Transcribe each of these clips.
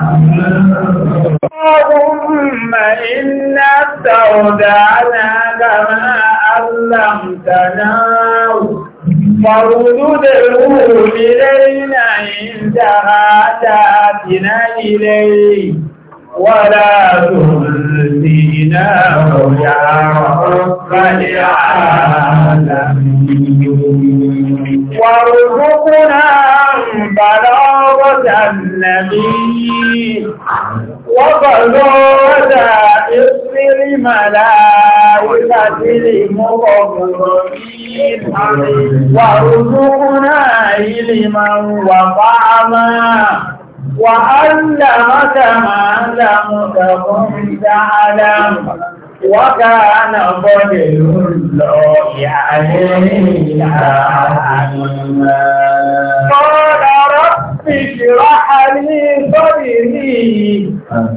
اللهم إنا استودعناك ما علمتنا فارده إلينا عند حاجاتنا إليه ولا تنسيناه يا رب العالمين وارزقنا بلاغة النبي وبلاغة إصر ملائكة المغرمين وارزقنا علما وطعما وعلمك ما لم تكن تعلم وكان فضل الله علينا عظيما قال رب اشرح لي صدري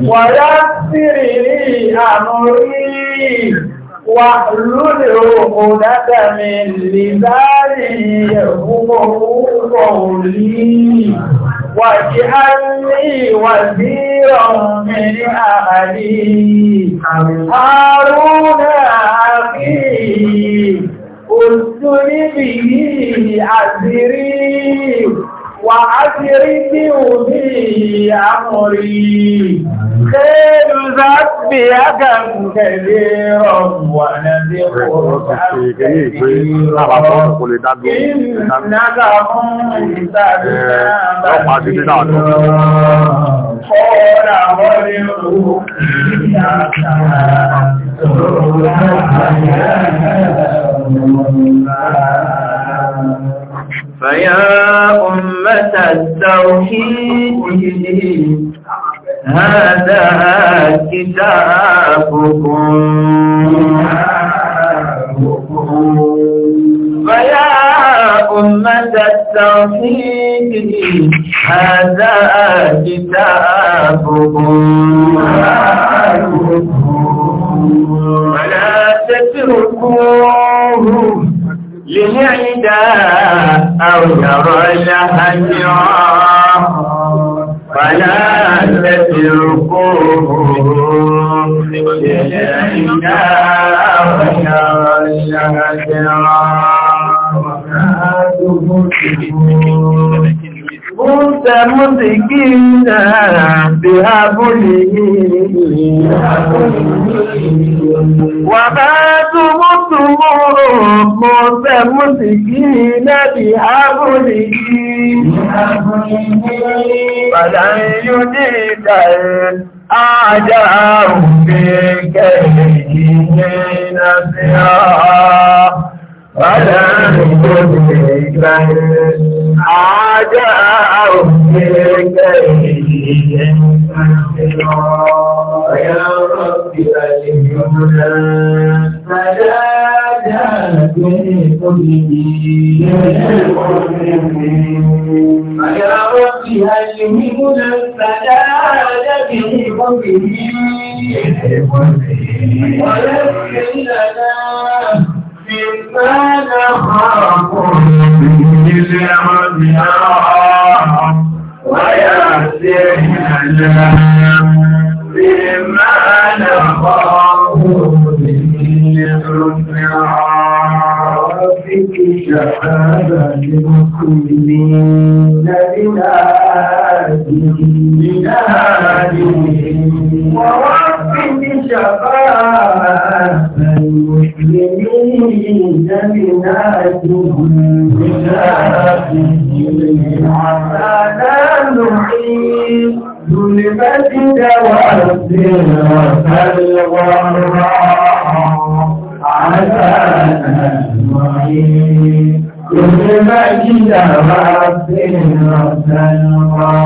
ويسر لي امري واحلل عقدة من لساني يفقهوا قولي واجعلني وزيرا من أهلي هارون أخي اسكن به أسري wà á ti rí tí òbí àmọ̀rí kéèlú záàbì agàmùkẹ̀lẹ̀ ọ̀wà nàbí Ọ̀rọ̀ àwọn ẹ̀rọ ìyàtàrà tó rọ̀ فيا أمة التوحيد هذا كتابكم فيا أمة التوحيد هذا كتابكم ولا تتركوه لنعدا أو نرى لهجرا فلا تتركوه لنعدا أو نرى لهجرا ولا تبكوه كنت مسكينا بهبله وما تمتم كنت مسكينا بهبله فلن يديك أعداء في كيدين نصيرا ولا من قبلك أعداء كي يا رب أجمعنا فلا جاد من قبلك يا رب أجمعنا فلا جاد من قبلك ولا سيدنا فنخاف من العمياء ويسر لنا بما نخاف من العمياء في شهادة المسلمين بنادي بنادي ورب شفاعة المسلمين جنات بنات عسى نحيي ظلمت توسل وسل وراء عسى نحيي يجب إلى ربنا سلوى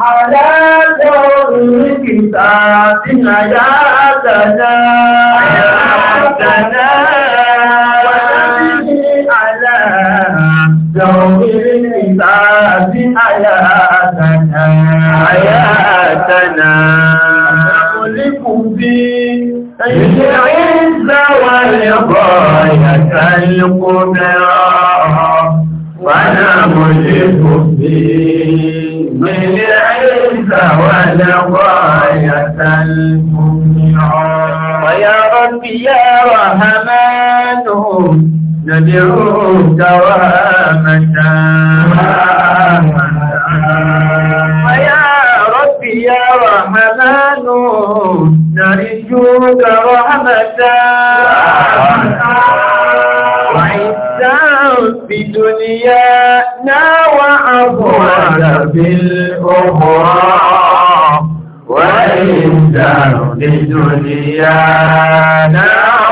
على دور كتابنا يا تنا يا تنا على دور كتابنا يا تنا يا تنا نملك في غاية القدرة وانا مدرك به من العزة ولا غاية ويا ربي يا رحمن ندعوك رحمة ويا ربي يا رحمن نرجوك رحمة دنيانا وعبرنا في الأخرى وإنسان لدنيانا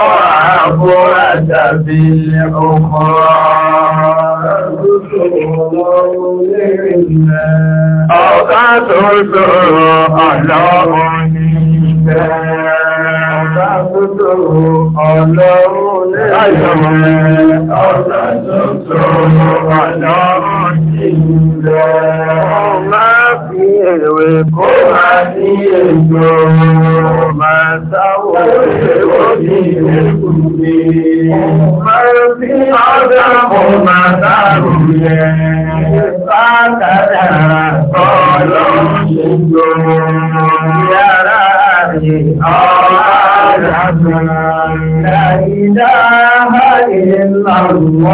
وعبرنا في الأخرى àbúdó ọlọ́run lè rẹ̀ ọ̀nà tuntun ọlọ́run ti rẹ̀ èwe kó máa sí èso máa sáwò èso ní ìrẹ́kùnlé máa sí ọjà kó máa sáàrù yẹ sáàkàdà ọlọ́ ìjọ yàrá ọlá àjàgbà láìdáhà ìlànà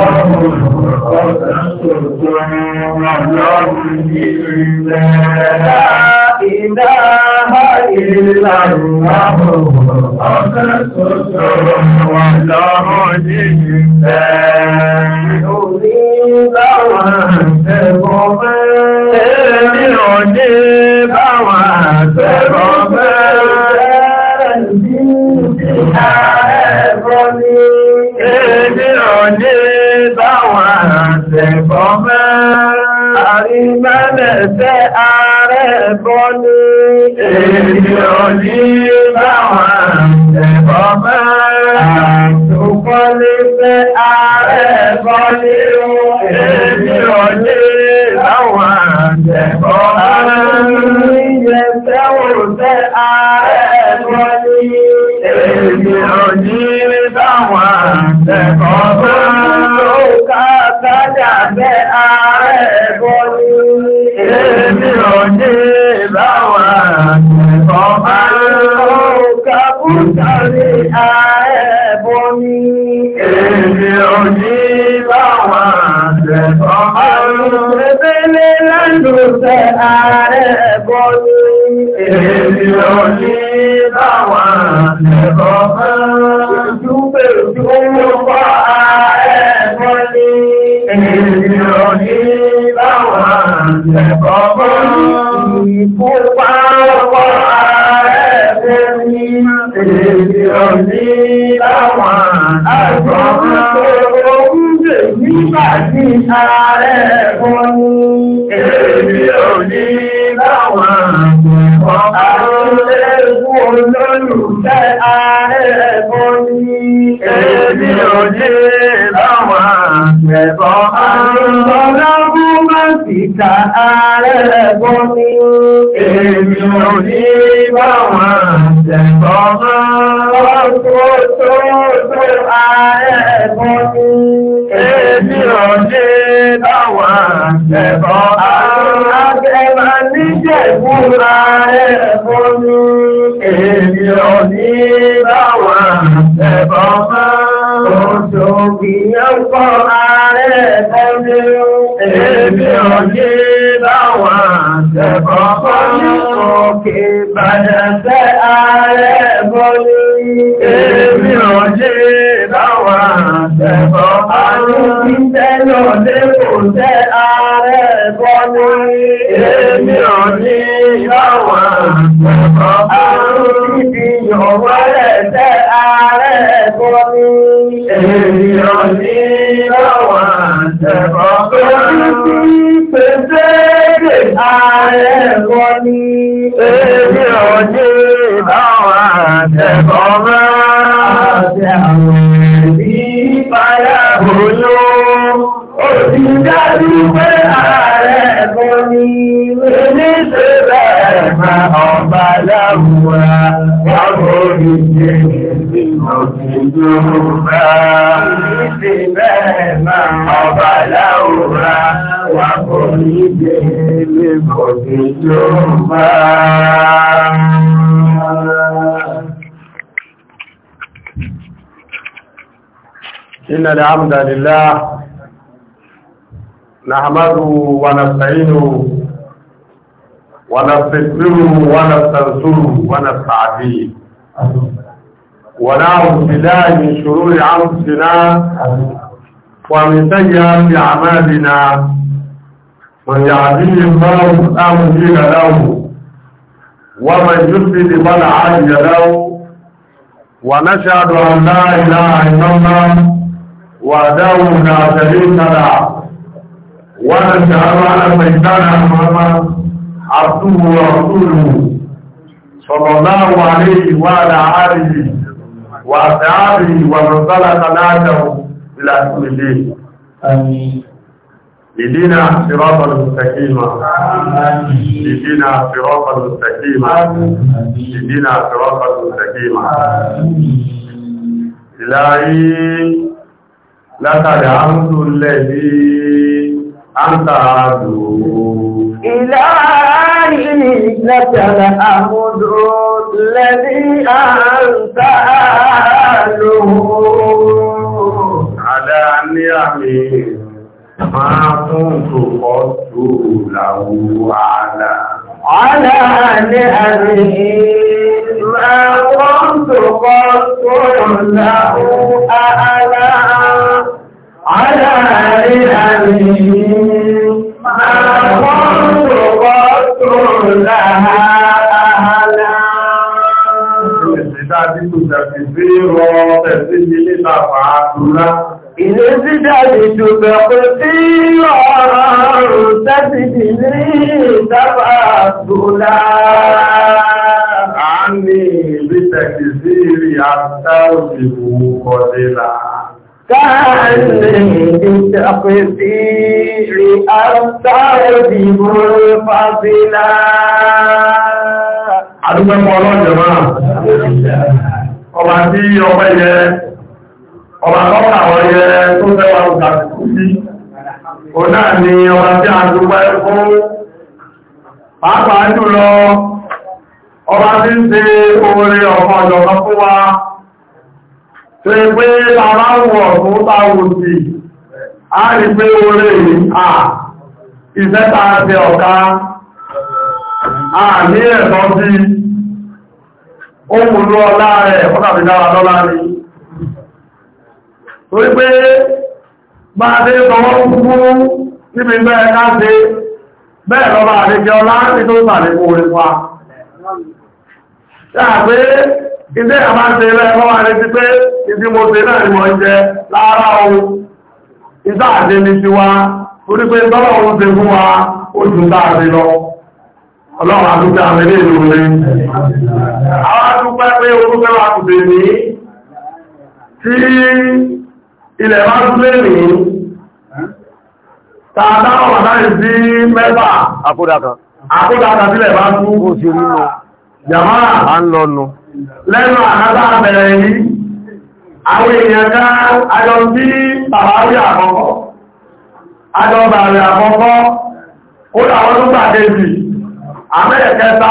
ọ̀rọ̀. إله إلا الله والله جدا أريد وأنتم أريد وأنتم ọmọ àrímẹ́lẹ̀ tẹ́ ààrẹ bọ́ ní èdè ọ̀lẹ́ òní báwọn ẹ̀kọ́ máa dúpẹ́ dúró pa ẹ̀kọ́ ní. Èyí òní báwọn ẹ̀kọ́ máa ìfúnpá pa ẹ̀kọ́ ní. Èyí òní báwọn ẹ̀kọ́ máa dúró pa ẹ̀kọ́ ní. alẹ́lẹ́gbọ́n ní èmi ò ní bá wọn ṣẹ̀kọ́ máa tó tó tó alẹ́lẹ́gbọ́n ní èmi ò ní bá wọn ṣẹ̀kọ́ Àgbẹ̀mà ní jẹ̀kú alẹ́lẹ́gbọ́n ní èmi ò ní bá wọn ṣẹ̀kọ́ máa tó tó èmi ò Ọ̀pọ̀lọpọ̀ ìbàdà fẹ́ ààrẹ bọ́lé. Èmi ọ̀jẹ́ ìbáwà tẹ̀bọ̀ àrùn títẹ́lọ̀ lé kò tẹ́ ààrẹ bọ́lé. ààrẹ ẹ̀kọ́ ni إن الحمد لله نحمده ونستعينه ونستغفره ونستنصره ونستعديه ونعوذ بالله من شرور أنفسنا ومن سيئات أعمالنا ويعديه الله لا مدين له ومن يسلم فلا عادي له ونشهد أن لا إله إلا الله وحده لا شريك له ونشهد أن سيدنا محمد عبده ورسوله صلى الله عليه وعلى آله وأصحابه ومن سلك نهجه إلى كل شيء آمين اهدنا صراط المستقيم اهدنا صراط المستقيم اهدنا صراط المستقيم إلهي لقد عمت الذي أنت عدو إلهي لك الحمد الذي أنت عدو على نعمه فما تقصوا له على على نهره ما كنت قصر له أعلى على نهره ما كنت قصر لها أعلى Ìdájí kò jẹ́ fi sí rọ ọ̀tẹ̀ sí ilé tàbí àdúrà. Ilé síjáde ṣùgbẹ̀ kò sí ọ̀rọ̀ tẹ́sì bí ní ìdábà àtúlá. A ní ìbí tẹ̀kì sí ìrì àtà òṣìwò kọ̀dílà. Káàlì ìbí tẹ̀kì sí ìrì àtà òṣìwò kọ̀dílà. Adúgbẹ́mọ́ ọlọ́jọ̀ máa, ọba tí ọpẹ́ yẹ ọba kọ́kọ́ àwọn e tó fẹ́wà ògbàtí sí o náà ni ọba tí a dúpẹ́ fún pàápàá jùlọ ọba tí ń ọ̀pọ̀ fún wa tó yẹ pé a rí pé a ní ẹ̀tọ́ sí torí pé bá a dé tọwọ́ fún níbi bẹ́ẹ̀ láti bẹ́ẹ̀ lọ́ba àdéjẹ́ ọlá ya bàdé kó orí wa ṣáàpé ilé àmá ṣe ilẹ̀ lọ́wọ́ àdéjẹ́ pé ìdí mo ṣe náà ni jẹ lára ohun ìdá ní ti wá torí pé tọ́lọ̀ ọlọ́run àdúgbà ìlú ilẹ̀ máa tún lè rí tààdá ọ̀rọ̀ láì sí mẹ́fà àkódàkà àkódàkà sílẹ̀ máa tún kò sí rí lọ jàmáà à ń lọ nù lẹ́nu àkátà bẹ̀rẹ̀ yìí àwọn èèyàn ká ajọ sí tàwárí àkọ́kọ́ ajọ bàrẹ̀ àkọ́kọ́ ó dàwọn tó gbàkejì àmẹ́ẹ̀kẹta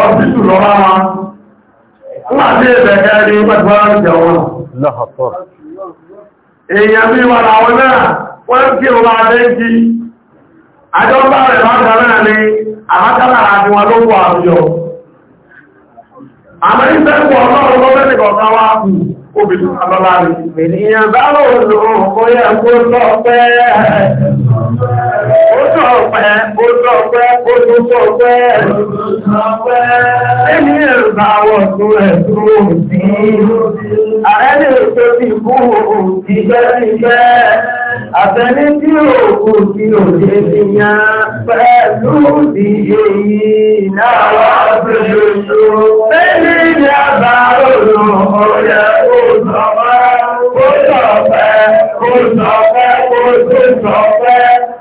ọ̀sítù lọ́wọ́ wọn nígbàtí ẹ̀bẹ̀kẹ́ rí pẹ̀lú ọ̀rọ̀ jẹun èèyàn bí wà láwọn náà wọ́n tí ó bá lẹ́jì àjọ́gbà rẹ̀ bákan náà ni àti wọn ló kọ àwùjọ àmọ́ ìfẹ́kù ọlọ́run wá obìnrin sọ̀pẹ́, ó sọ̀pẹ́, ó tó sọ̀pẹ́. Ẹni ẹ̀rùbá wọ̀ tó ẹ̀ tó òsì. Ààrẹ lè tó ti kú òsì jẹ́ Àtẹni tí ó kò sí òde ti yan pẹ̀lú ti èyí náà wá pẹ̀lú ṣó. Bẹ́ẹ̀ni ni a bá rọrùn ọ̀yẹ́ ó sọ pé, ó sọ pé, ó sọ pé, ó tó sọ pé.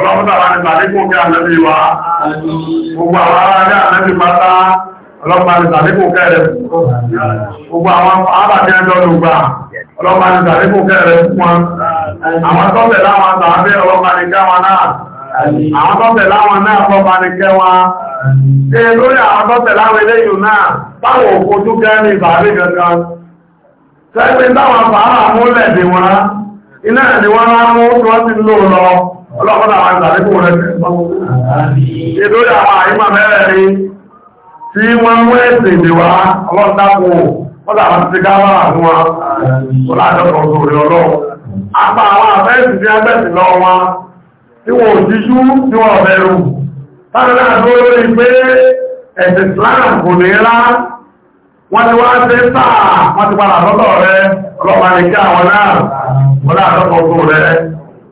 ọlọ́run tàbí àgbà nípò kí àlẹ́bí wa gbogbo àwọn ará ní àlẹ́bí pátá ọlọ́pàá ní tàbíkò kẹrẹ gbogbo àwọn àbàtí ẹjọ́ lùgbà ọlọ́pàá ní tàbíkò kẹrẹ fún wọn àwọn tọ́bẹ̀ láwọn tàbí ọlọ́pàá ní kẹwọn náà àwọn tọ́bẹ̀ láwọn náà ọlọ́pàá ní kẹwọn ṣe lórí àwọn tọ́bẹ̀ láwọn eléyìí náà táwọn òkòtú kẹrin ìbàrí gangan sẹ́gbẹ́ táwọn bàárà múlẹ̀ dì wọn iná ẹ̀dì wọn rá mú tí wọ́n ti lò lọ ọlọ́pọ̀ àwọn àgbàlẹ́kùn rẹ̀ ètò àwọn àìmà mẹ́rẹ̀ ni tí wọ́n wé èdè wá ọlọ́dàpọ̀ ọlọ́dà àwọn ti gáwà àwọn ọlọ́dàpọ̀ ọ̀rẹ́ ọlọ́ apá àwọn àfẹ́sì tí a bẹ̀sì lọ wá tí wọ́n òjíjú tí wọ́n bẹ̀rù wọ́n ti wá ṣe sáà wọ́n ti padà lọ́tọ̀ rẹ̀ ọlọ́pàá ní kí àwọn náà wọ́n láàrọ́pọ̀ tó rẹ̀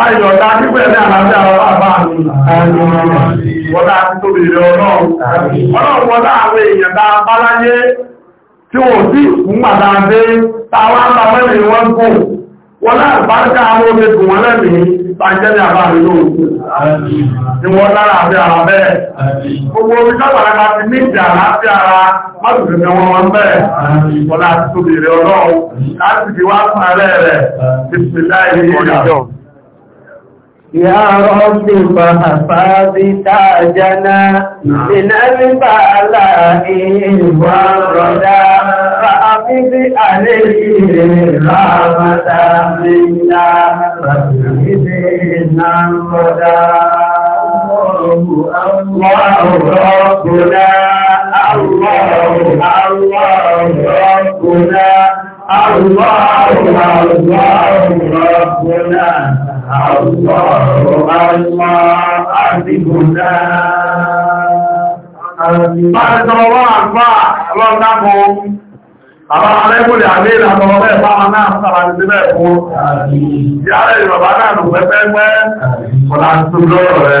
Báyọ̀ ọ̀dá pípẹ́ ní àlàáfíà ọlá bá mi. Wọ́dá ti tóbi rẹ̀ ọlọ́run. Ọlọ́run wọ́dá àwọn èèyàn dá báláyé tí wọ́n sí ìkúnmàdá dé táwọn àbámẹ́rin wọ́n kò. Wọ́dá àbáríkà àwọn obìnkù wọ́n lẹ́mìí bàjẹ́ ní àbámi lóòkú. Ni wọ́n lára àbí ara bẹ́ẹ̀. Gbogbo omi sábàrá bá ti ní ìjà láti ara mọ́tòkè ní wọn wọn bẹ́ẹ̀. Wọ́dá ti tóbi rẹ̀ ọlọ́run láti fi wá fún ẹrẹ́ rẹ̀. Ìpínlẹ̀ ìlú ìjà. يا رب فحفظت تاجنا من البلاء والردى فأفض عليه رحمة منا فأفضنا الردى الله ربنا الله الله ربنا الله الله ربنا الله الله حسبنا Máa sọ wá àpá ọlọ́dákun, àwọn alẹ́kùnrin àmì ìlànà ọ̀rẹ́ ìpáwọn náà sára ní sílẹ̀ fún ìyára ìrọ̀bá náà lò pẹ́pẹ́pẹ́, ọ̀lá tó lọ́rọ̀ rẹ̀,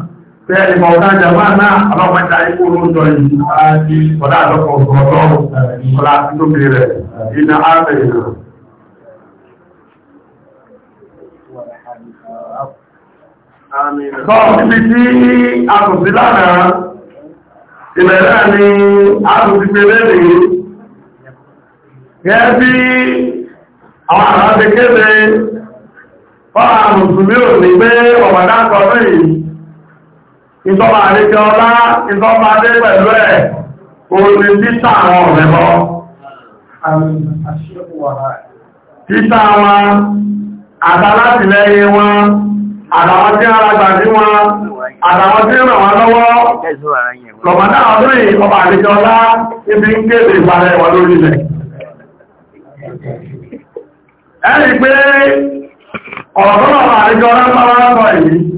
Bẹ́ẹ̀ni mọ̀ ọ̀dá jàmá náà aláwọ̀ta ikú olóòjọ́ yìí, ọ̀dá ọ̀lá rẹ̀, iná ààbẹ̀ Sọ tí a kò sí lánàá, ìbẹ̀rẹ̀ ni a kò sí pé lẹ́rẹ̀ gẹ́ ìtọ́mà àríkẹ́ ọlá ìtọ́mà adé pẹ̀lú ẹ̀ orí títà àwọn ọ̀rẹ́ lọ títà wọn àtàlátìlẹ́yìn wọn àtàwọn tí alágbà sí wọn àtàwọn tí ràn wọn lọ́wọ́ lọ̀mọ̀dá ọdún ìkọmà àríkẹ́ ọlá ibi ń kéde lórí ilẹ̀ pé ọ̀rọ̀ tó ọlá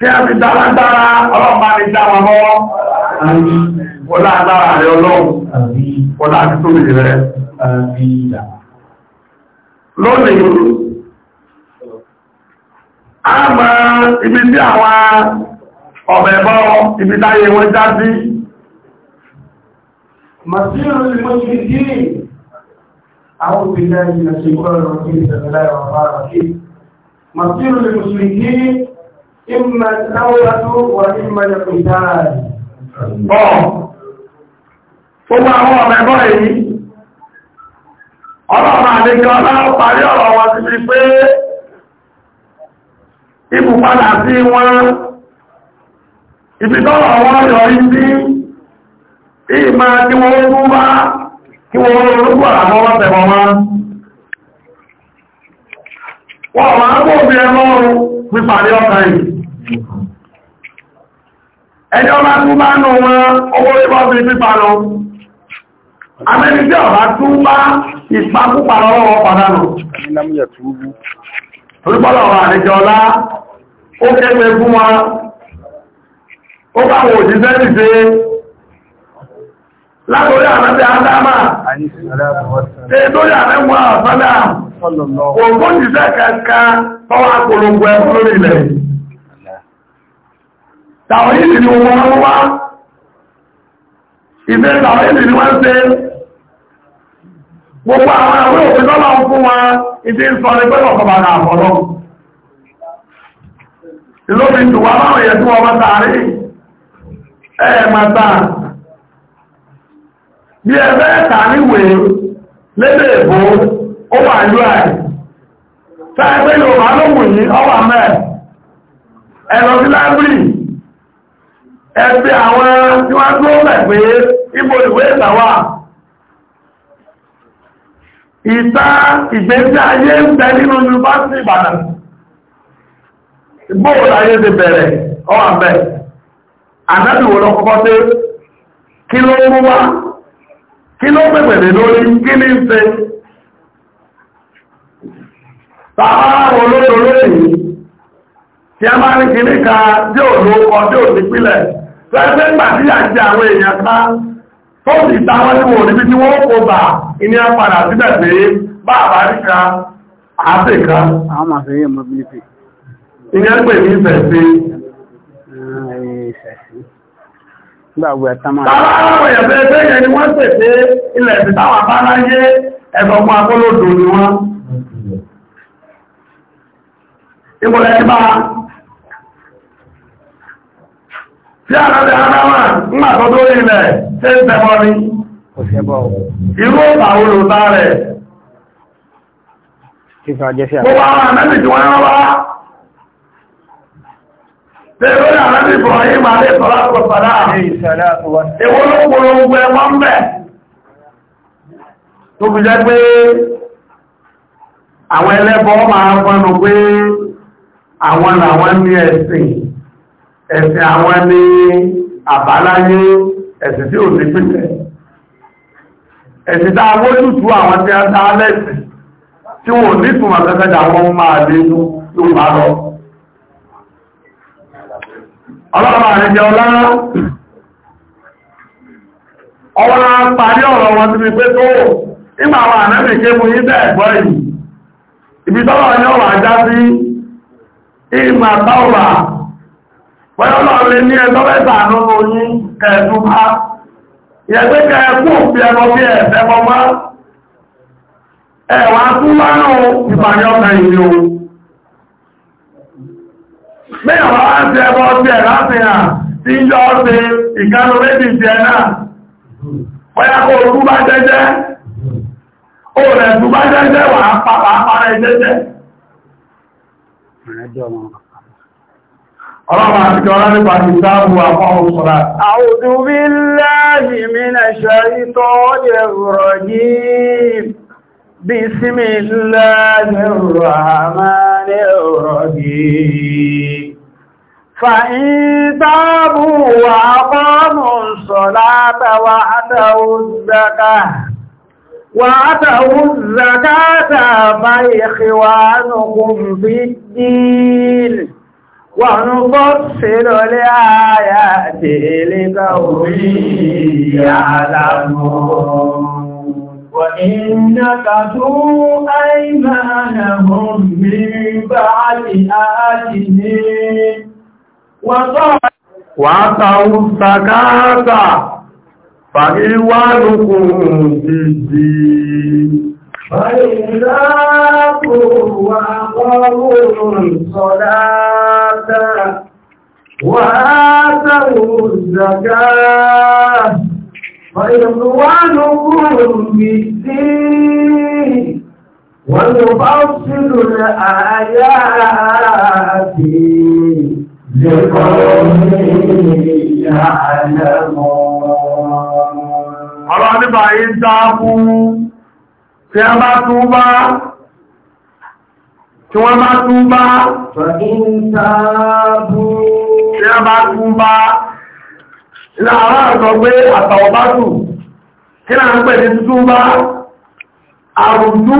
tí a fi dálágbára ọlọ́pàá ní dáwà mọ́ ọlá agbára rẹ̀ ọlọ́run ọlá àti tóbi rẹ̀ lónìí a mọ ibi tí àwọn ọ̀bẹ̀ bọ́ ibi táyé wọ́n já sí Màtíyàn lè mọ́ sí ìdí àwọn òbí náà yìí na ṣe kọ́ ọ̀rọ̀ kí ìṣẹ̀lẹ̀ láìwọ̀n bá rọ̀ kí. Màtíyàn lè mọ́ sí ìdí إما التوبة وإما القتال Gbogbo àwọn ọmọ ẹgbọ́ èyí, ọlọ́pàá àdéjọ láàrín parí ọ̀rọ̀ wọn ti fi pé ibù padà sí ibi ẹjọ́ bá tún bá nù wọn owó rí bọ́ bí pípa lọ amẹ́ni tí ọ̀rá tún bá ìpakúpa lọ́wọ́ pàdánù olúbọ́lọ̀wọ̀ àrẹjọ ọlá ó képe fún wa ó bá wò òjíṣẹ́ nìṣe látorí àmẹ́bẹ̀ ádámà tí lórí àmẹ́wọ̀ àfẹ́lá ògbójíṣẹ́ kẹta tọ́wà polongo ẹ̀kú lórí tàwọn ìlú ni wọ́n wá ìfẹ́ tàwọn ìlú ni ṣe gbogbo àwọn àwọn òfin lọ́lá fún wa ìdí ń sọ ẹgbẹ́ ọ̀kọ̀bà náà fọ́lọ́ ìlóbi tù láwọn èyẹ tí wọ́n bá tààrí bí ẹgbẹ́ lédè èbó ó wà yóò tẹ́ẹ̀gbẹ́ yí ọwà mẹ́ ẹgbẹ́ àwọn tí wọ́n tó rẹ̀ pé ibo ìwé ìtàwà ìta ìgbésí ayé ń bẹ nínú yunifásitì Ìbàdàn ìgbóòrò ayé ti bẹ̀rẹ̀ ọwà bẹ̀ àdábìwò lọ́kọ́kọ́ tí kí ló mú wá kí ló pẹ̀pẹ̀lẹ̀ lórí kí ní ṣe tààrà olóòrò lórí tí a máa ní kìníkà tí ò lóòkọ́ tí ò sí pílẹ̀ Fẹ́fẹ́ ń gbà sí àjẹ́ àwọn èèyàn ká, tó sì táwọn ní wò níbi tí wọ́n kò bà ní àpàdà síbẹ̀ pé bá àbáríkà àáfẹ́ká. Àwọn máa fẹ́ yẹ mọ́ bí ìfẹ́. Ìyẹn pè ní ìfẹ́ sí. Gbàgbé ẹ̀tàmà. Tàbá àwọn èèyàn fẹ́ fẹ́ yẹn ni wọ́n pèsè ilẹ̀ ìtàwà bá láyé ẹ̀fọ̀pọ̀ akọ́lódò ni wọ́n. Ìbọ̀lẹ̀ ti bá tí a rẹ̀ aráwà ńgbàtọ́ tó rí ilẹ̀ tí ń tẹ́bọ́ ní irú àwọn olùta rẹ̀ tó bá wà nẹ́bì tí wọ́n wá tẹ́rọ ìrànlẹ́bì bọ̀ yí máa lè tọ́lá àwọn ẹlẹ́bọ máa pé àwọn ní ẹ̀sìn ẹ̀sìn àwọn ẹni àbáláyé ẹ̀sìn tí ò ní pínlẹ̀ ẹ̀sìn a àwọn tí a dá lẹ́sìn tí wọ́n ní túnmọ̀ tẹ́tẹ́jà wọ́n máa lé inú ló bá ti mú ibi tọ́lọ̀ ní ọ̀rọ̀ àjá sí ìmà Pẹ̀lú ọ̀rẹ́ ní ẹjọ́ mẹ́ta lọ́nà oyin kẹ̀ẹ̀dùn bá. Ìyẹ̀gbẹ́ kẹ̀ẹ̀kú òfin ẹmọ bí ẹ̀ẹ̀fẹ́ mọ́mọ́. Ẹ̀wà tún wá náà ìpàdé ọ̀kẹ́ ìlú ohun. Mẹ́yàn wá ń ṣe ẹbọ ọ̀sẹ̀ láti hà tí ń yọ ọ̀sẹ̀ ìkánu méjì jẹ náà. Bọ́yá kó o أعوذ بالله من الشيطان الرجيم بسم الله الرحمن الرحيم فإن تابوا وأقاموا الصلاة وأتوا الزكاة وأتوا الزكاة فإخوانكم في الدين وَنُفَصِّلُ الْآيَاتِ لِقَوْمٍ يَعْلَمُونَ وَإِنْ نَكَثُوا أَيْمَانَهُمْ مِنْ بَعْدِ آتِهِمْ وَأَعْطَوُا الزَّكَاةَ فَإِخْوَانُكُمْ فِي الدِّينِ فإذاكوا وأقاموا الصلاة وآتوا الزكاة فإخوانكم في الدين ونفصل الآيات لقوم يعلمون. الله نبعين تعبون tí a bá tún bá tí wọ́n bá tún bá tí a bá tún bá láàárá àtọ́ pé àtàwọ̀ bá tù kí náà ń pẹ̀ ní tún bá àrùdú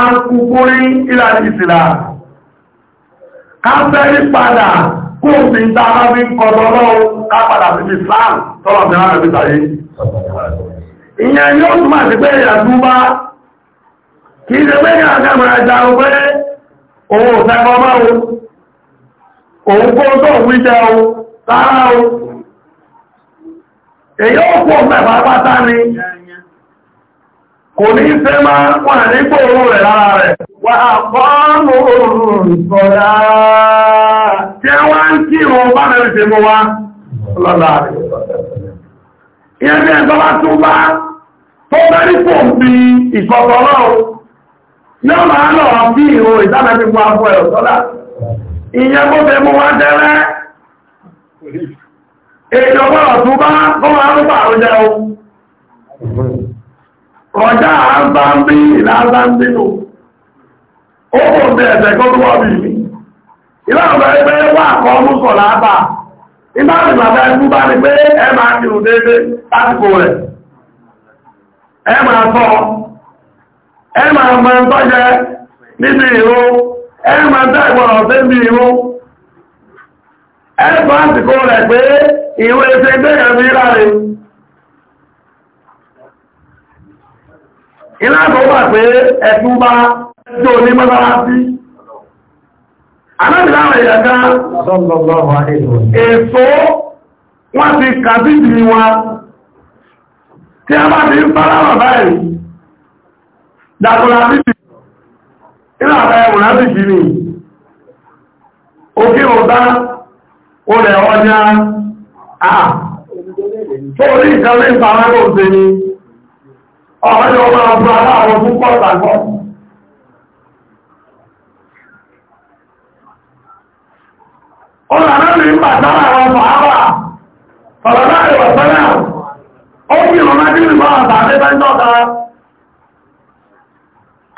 akúkúrí ìlà ìsìlá káfẹ́rí padà kó fi dára bí kọlọ́lọ́ kápadà sí Islam tọ́lọ̀ mìíràn rẹ̀ bí tàyé ìyẹn yóò túnmà sí pé ìyàtúbá kí ṣe pé ní àkàmàrà ìjà o òun kó tó o sára o èyí ó kó mẹ́fà pátá ni kò ní ṣe máa wà nígbò owó rẹ̀ lára rẹ̀ wà àpọ́nù ìsọ̀dá tí wá ń kí wọn bá mẹ́rin ṣe mú wá lọ́la rẹ̀ ìyẹn bí ẹ̀sọ́ bá tún bá tó bẹ́rí pò ń bí ìsọ̀tọ̀ yóò máa bí ìhò ìdánàbí wà fún ẹ̀rọ sọ́lá ìyẹn kó fẹ́ mú wá tẹ́rẹ́ èdè ọgbọ́rọ̀ bá gọ́wà ń bà ohun rọjá àbá ń bí ìlàbá ń bínú ó bẹ̀ ẹ̀sẹ̀ kó tó wọ́ bí E ma mọ ń tọ́jẹ níbi ẹ ma sí ẹ bá rẹ̀ pé ìwé ṣe gbẹ̀yàn bí láre iná wà pé ẹ̀tún bá tó ní mọ́sálásí alábìláwọ̀ ìyàgá èso wọ́n ti kàbíbì a ti dàkọ̀lá ịnabata inú àwọn ẹwùn láti kì ní òkè ọ̀dá olè ọjà àà ni ọ̀rẹ́lẹ̀ ọmọ ọ̀pọ̀ aláàrọ̀ púpọ̀ tàkọ́ Ọlànàrí ń bà sára àwọn fàáwà,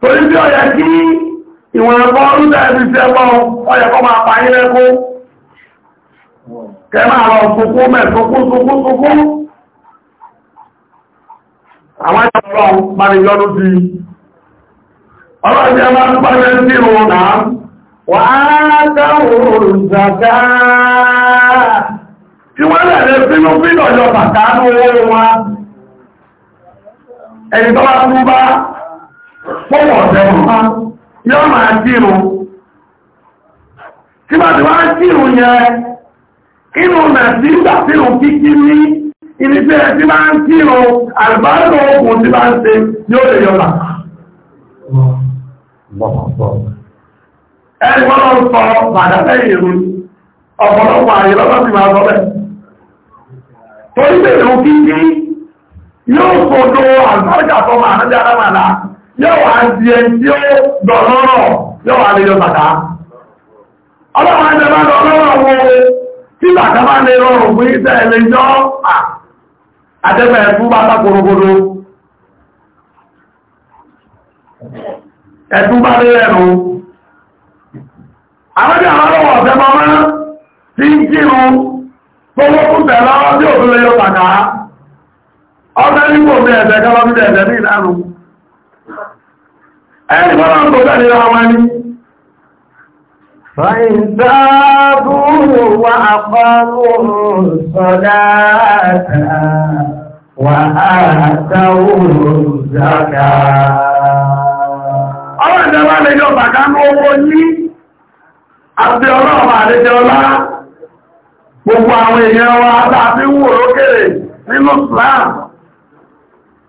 torí bí ọ̀yẹ́ kí ìwọ̀n ẹ̀kọ́ rúdà ẹ̀bí fi ẹgbọ́ ọ̀yẹ́ kọ́ máa pa yín lẹ́kọ́ kẹ máa lọ sókó mẹ́ sókó sókó sókó àwọn ìjọba panijọ́ ló ti ọlọ́jẹ́ máa ń pàdé sí ìrùn náà wà á dáwòrò ìjàgá tí wọ́n lẹ̀ ẹni tó bá kú bá pọ́wọ̀ ọ̀tẹ̀rùn bá yọ́ máa dìrùn tí bá ti wá dìrùn yẹ inú nàìjíríà dìrùn kíkí ní ibi tí ẹ ti bá ń dìrùn àlùbáàdùn ogun tí bá ń ṣe yóò lè yọ ẹni wọ́n lọ sọ bàdàbẹ́ ìrù ọ̀pọ̀lọpọ̀ àyè lọ́wọ́ sí máa sọ bẹ́ẹ̀ torí bẹ̀rẹ̀ òkìkí yóò fòdó àgbájá fọmọ ànájá arámàlá yóò wà di ẹ tí ó dọ̀lọ́rọ̀ yóò wà bàtà ọlọ́wọ́n ẹgbẹ́ bá dọ̀lọ́rọ̀ wo tí bàtà bá lè rọrùn fún iṣẹ́ ẹ̀lẹ́ jọ àtẹ́fẹ́ bá lè rẹ̀rù ọ̀fẹ́ tí ń kírun tó lọ́wọ́ ọ̀dá nígbò mẹ́ẹ̀ẹ̀ẹ́ kọ́lọ́ ní ìlànà ẹni fọ́nà tó bẹ̀rẹ̀ ìlànà wọn ní gbogbo àwọn èèyàn wa láti wò nínú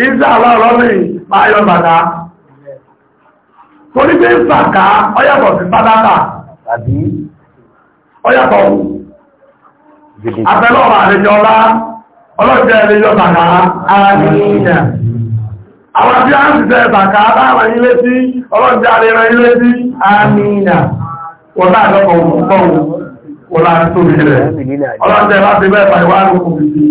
ìsà ọlọ́rọ̀mìn máa yọ bàtà torí pé ìsàká ọyàtọ̀ sí pátákà tàbí ọyàtọ̀ àtẹ́lọ́wà àrẹjọlá ọlọ́jẹ́ ẹlẹ́yọ bàtà àmìnà àwọn tí a ń ṣiṣẹ́ bàtà láàrín ilé sí ọlọ́jẹ́ àrẹrẹ ilé sí àmìnà wọ́n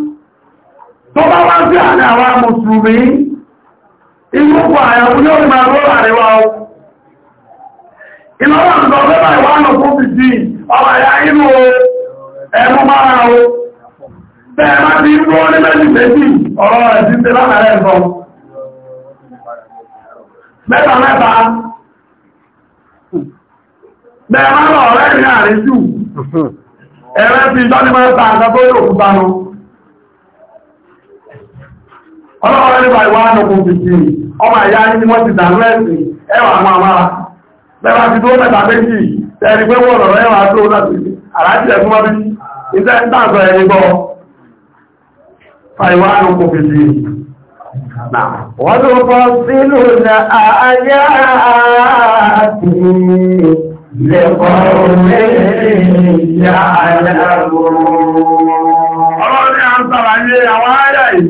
tó bá wá sí àárín àwọn mùsùlùmí ìlúkù àyàwó yóò rí máa lọ́rọ̀ àríwá o ìlọ́rọ̀ ń lọ bẹ́bà ìwánà fún ti di ọ̀rọ̀ àyà inú ẹ̀mú mára o bẹ́ẹ̀ má ti rú ní méjì méjì ọ̀rọ̀ rẹ̀ ti tẹ́ látàrẹ́ ọlọ́run nípa ìwà àdọ̀kùn fìtì ọmọ ìyá ní wọ́n ti dànù ẹ̀sìn ẹwà àwọn ti tó mẹ́ta méjì tẹ́ẹ̀rí pé wọ́n lọ̀rọ̀ ẹwà tó láti bí iṣẹ́ ń tàbí ẹni gbọ́ àdọ̀kùn fìtì a àwọn ayà yìí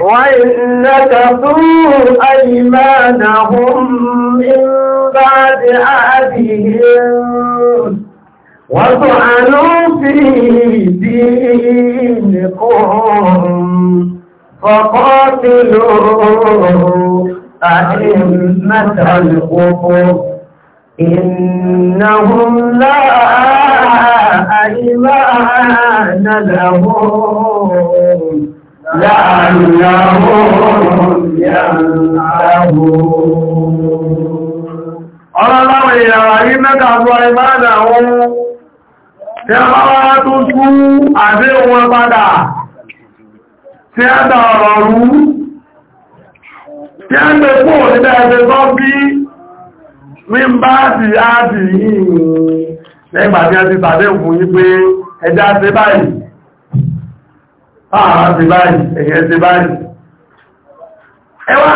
وإن نكثوا أيمانهم من بعد عهدهم وطعنوا في دينكم فقاتلوا أئمة الكفر إنهم لا أيمان لهم Ọlọ́láwọ̀ ìyàwó yí mẹ́ta fún ìbádà wọn tí a bá wá tó kú àti wọn padà tí a dà ọ̀rọ̀ rú tí a gbé kú nígbà ẹgbẹ́ tó bí rí bá ti áàdì yìí nígbà tí a ti òkú yí pé ẹjá ti báyìí àwọn ti báyìí ẹ̀yẹ ti padà fi bí ní kó ẹwà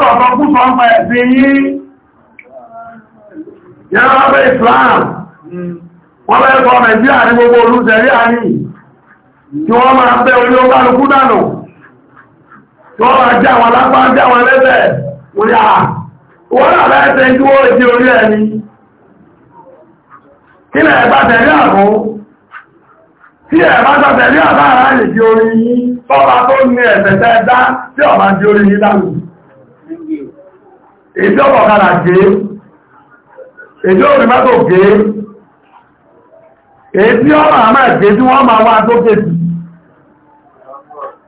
sọ̀tọ̀ kú sọ ọmọ ẹ̀sìn yìí yẹ́wà bẹ́ Islam wọ́n bẹ́ sọ gbogbo àní tí wọ́n máa bẹ́ orí dànù tí wọ́n wọ́n náà lẹ́ẹ̀ṣẹ́ tí wọ́n èdè orí ẹni kí lẹ̀ bá tẹ̀lé àbú tí ẹ̀ bá tọ́ tẹ̀lé àbá ara lè di orí yí tọ́ba tó ní ẹ̀sẹ̀ tẹ́ dá tí ọ̀bá di orí yí dánù èdè ọ̀kọ̀kadà gé èdè orí mẹ́tò gé èdè ọmọ àmà gé tí wọ́n máa wá tó kéjì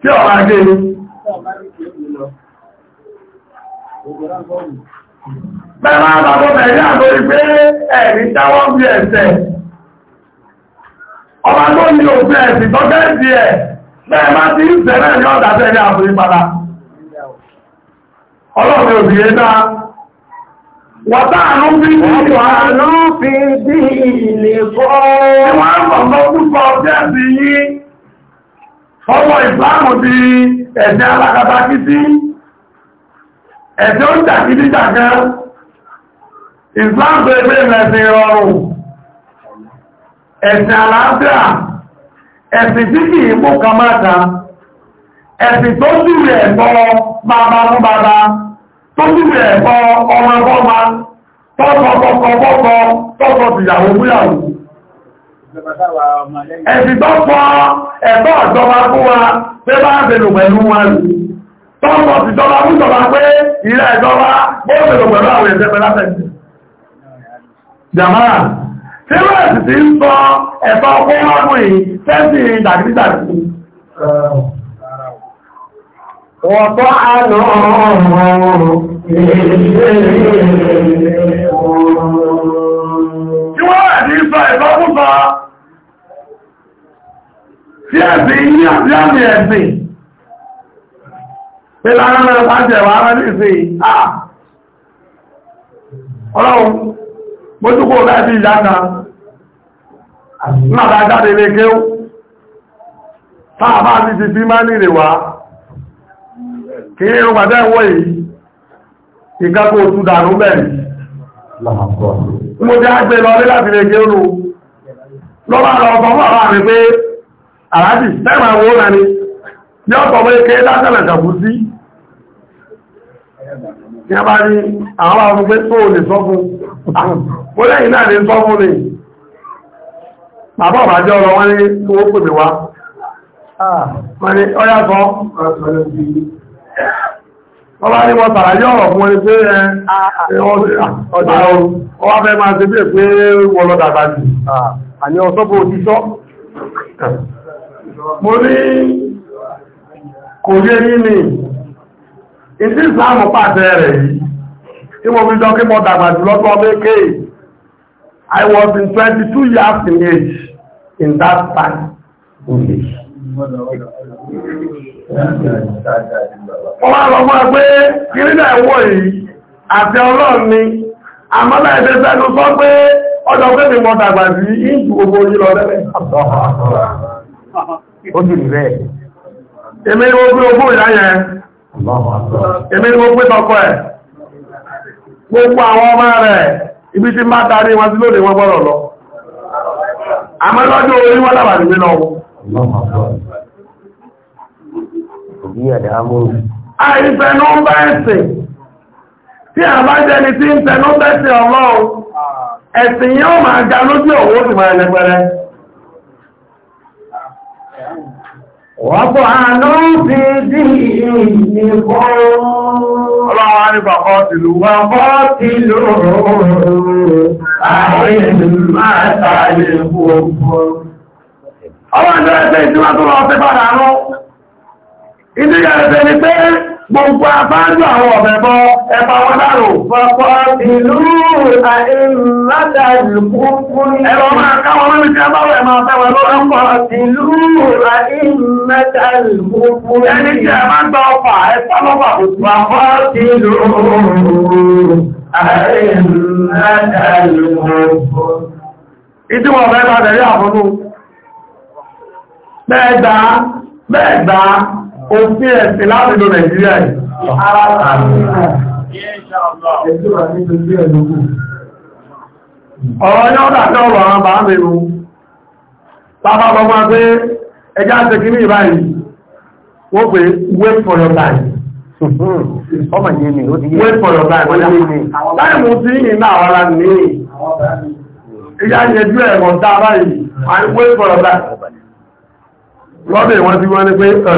tí ọ̀bá gé Bẹ́ẹ̀rẹ́ àbàbọ̀ bẹ̀rẹ̀ àbórí pé ẹ̀rí dáwọ́ bí ẹ̀sẹ̀. Ọba tó ní òfin ẹ̀sì tọ́jẹ́ sí ẹ̀ bẹ́ẹ̀ bá ti ń sẹ̀rẹ̀ ní ọ̀dà tẹ́lẹ̀ àbórí bí i ní wà fi bí ilé Ìwọ̀n púpọ̀ di ẹ̀sẹ̀ ó ń tàkìdí tàkà Islam tó ẹgbẹ́ ẹ̀sìn rọrùn ẹ̀sìn àlàáfíà ẹ̀sìn tí kì í mú kamata ẹ̀sìn tó jùlẹ̀ ẹ̀kọ́ bàbá fún bàbá tó jùlẹ̀ ẹ̀kọ́ ọmọ ọmọ tọ́kọ̀kọ̀kọ̀kọ̀ tọ́kọ̀ tìyàwó múyàwó ẹ̀sìn tó pọ̀ ẹ̀kọ́ ọ̀jọba fún wa pé bá ń bèèrè pẹ̀lú wọn rú tọ́pọ̀ sí tọ́lá fún tọ́lá pé ilẹ̀ ìjọba bóòsèlò pẹ̀lú àwọn ìṣẹ́fẹ́ látẹ̀jì jàmáà tí wọ́n sì ti ń sọ ẹ̀fọ́ ọkọ́ wọ́n yìí tẹ́sì dàgbìdàgbì Wọ̀tọ́ àlọ́ Tí wọ́n rẹ̀ ti sọ ìfọ́kúsọ tí ẹ̀sìn ní àti àmì ẹ̀sìn pé lára náà bá jẹ̀ wà rán nìsí àà ọlọ́run mo túnkò láti ìyáta náà bá jáde lè kéw táàbá ti ti bí máa nílè wá kí ní irun pàtẹ́ ìwọ̀ yìí ìgbàkó oṣù dànù bẹ̀rẹ̀ mo jẹ́ àgbẹ̀ lọ lé láti lè kéw lọ bá lọ ọkọ̀ pé àrájì tẹ́mà wo náà ni ní ọ̀pọ̀wọ́ ike látàlẹ̀ ṣàbùsí ní a bá ní àwọn àwọn pé tó lè sọ fún ó lẹ́yìn náà lè sọ fún ní bàbá ọ̀bájọ́ ọ̀rọ̀ wọ́n ní owó pèmè wá wọ́n ní ọyá sọ wọ́n bá ní wọ́n tàràyé ọ̀rọ̀ fún ẹni pé ọjà ọrùn ọwá fẹ́ máa ṣe bí è pé wọ́n lọ dàgbà jù àní ọ̀sọ́bọ̀ òjíṣọ́ mo ní kò yé yí ni ìdí ìsìláàmù pàṣẹ rẹ̀ yìí tí mo fi jọ kí mo dàgbà jù lọ́tọ́ mékè I was in 22 years in age in that time only. Wọ́n wá lọ fún ẹ pé kìrìnà ẹ̀wọ̀ yìí àti ọlọ́run ni, àmọ́lá ẹ̀dẹ́ sẹ́nu sọ pé ọjọ́ pé mi mọ̀ dàgbà sí ìjù gbogbo yìí lọ rẹ̀. èmi ni ogun gbé ogún ìyá yẹn ẹ̀ gbogbo àwọn ọmọ ibi tí máa darí wọn sí lóde wọn gbọ́dọ̀ lọ àmọ́ lọ́jọ́ orí wọn lábàá àìfẹ̀nú ẹ̀sìn tí a bá jẹ́ni tí ń fẹ̀nú bẹ́sìn ọlọ́run ẹ̀sìn yóò máa ga وَطَعَنُوا فِي دِينِكُمْ وَلَعَنِ فَقَاتِلُوا وَقَاتِلُوا أَعِمَّةَ الْكُفْرِ Ọlọ́run ẹgbẹ́ ìsinmi tó lọ sí Gbogbo àbájú àwọn ọ̀bẹ̀bọ ẹ̀bà wọn dárò. ìlú àìmọ́ta Ẹ̀rọ máa káwọn lórí tí a bá wẹ̀ máa fẹ́ wọn lọ́wọ́. ìlú àìmọ́ta Ẹni tí a máa gba ọfà ẹ̀fọ́ lọ́wọ́ àbùkù. ìlú àìmọ́ta lùkúkú. Ìdíwọ̀ òfin ẹ̀sìn láti lo nàìjíríà yìí. ara ọ̀rọ̀ yóò dàjọ́ ọ̀rọ̀ àwọn bàá mẹ́rún bàbá bọ́gbà pé ẹjá ṣe kí ní ìbáyìí wọ́n pé wait for your time ọmọ yìí ni ó ti yé wait for your time wọ́n yìí ni láìmú sí ìrìnà àwọn ará ní ìyá ìyẹjú ẹ̀rọ dá báyìí wait for your time lọ́dẹ̀ wọ́n ti wọ́n ní pé ẹ̀rọ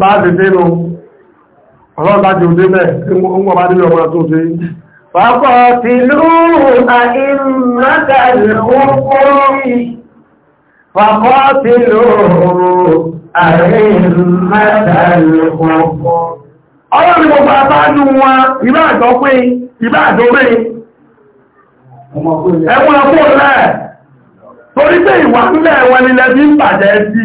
bá ti dénú ọlọ́dájú débẹ̀ tí wọ́n bá nílò ọmọ tó ṣe fàkọ̀ tí lóòrùn Ọlọ́run ni gbogbo àbájú wọn ìbá àjọ pé ìbá àjọ pé ẹwọ́n ọkọ̀ lẹ́ẹ̀ torí pé ìwà ń lẹ́ẹ̀wọ́n nílẹ̀ bí ń bàjẹ́ sí.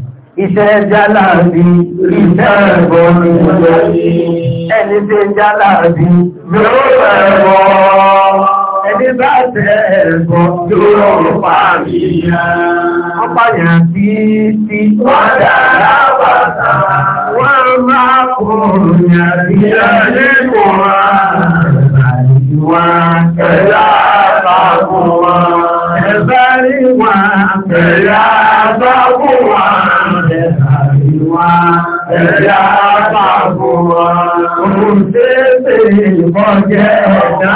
Iṣẹ́ jálàbí, iṣẹ́ ẹ̀bọ̀ ni ìjọ ẹni tí jálàbí yóò ẹ̀bọ̀. Ẹni bá tẹ́ ẹ̀bọ̀ yóò pàmìyàn. Wọ́n pàyàn sí sí wọ́n dára bàtà. Wọ́n máa kòròyìn àti ẹ̀lẹ́ kò wá. Àìwá ẹ̀lá àbákò wá. Ẹ̀bá rí wá ẹ̀lá àbákò wá wá ẹ̀yà àpapọ̀ òun tẹ́ẹ̀tẹ̀ ìbọn jẹ́ ọ̀dá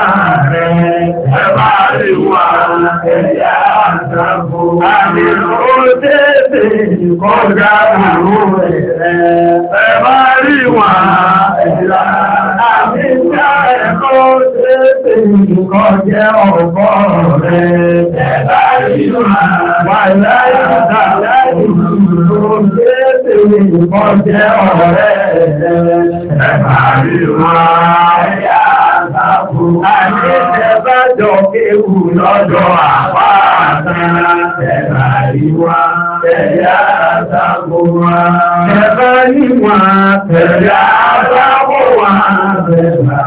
ẹ̀bá àríwá ẹ̀yà àtàkù àmìnà ó tẹ́ẹ̀tẹ̀ kọjá àwọn ẹ̀rẹ́ ẹ̀bá ríwá ẹ̀yà àmìnà ẹ̀kọ́ tẹ́ẹ̀tẹ̀ kọjá ọ̀pọ̀ rẹ̀ ẹ̀bá ríwá wà láyé àtàkù ó tẹ́ẹ̀tẹ̀ kọjá ọ̀rẹ́ ẹ̀bá ríwá ẹ̀yà àtàkù àmìnà jọ kéwù lọ́dọ̀ àpá àtàrà ẹ̀rà ìwà ẹ̀yà àtàkò wa. Ẹ̀rà ìwà ẹ̀yà àtàkò wa. Ẹ̀rà ìwà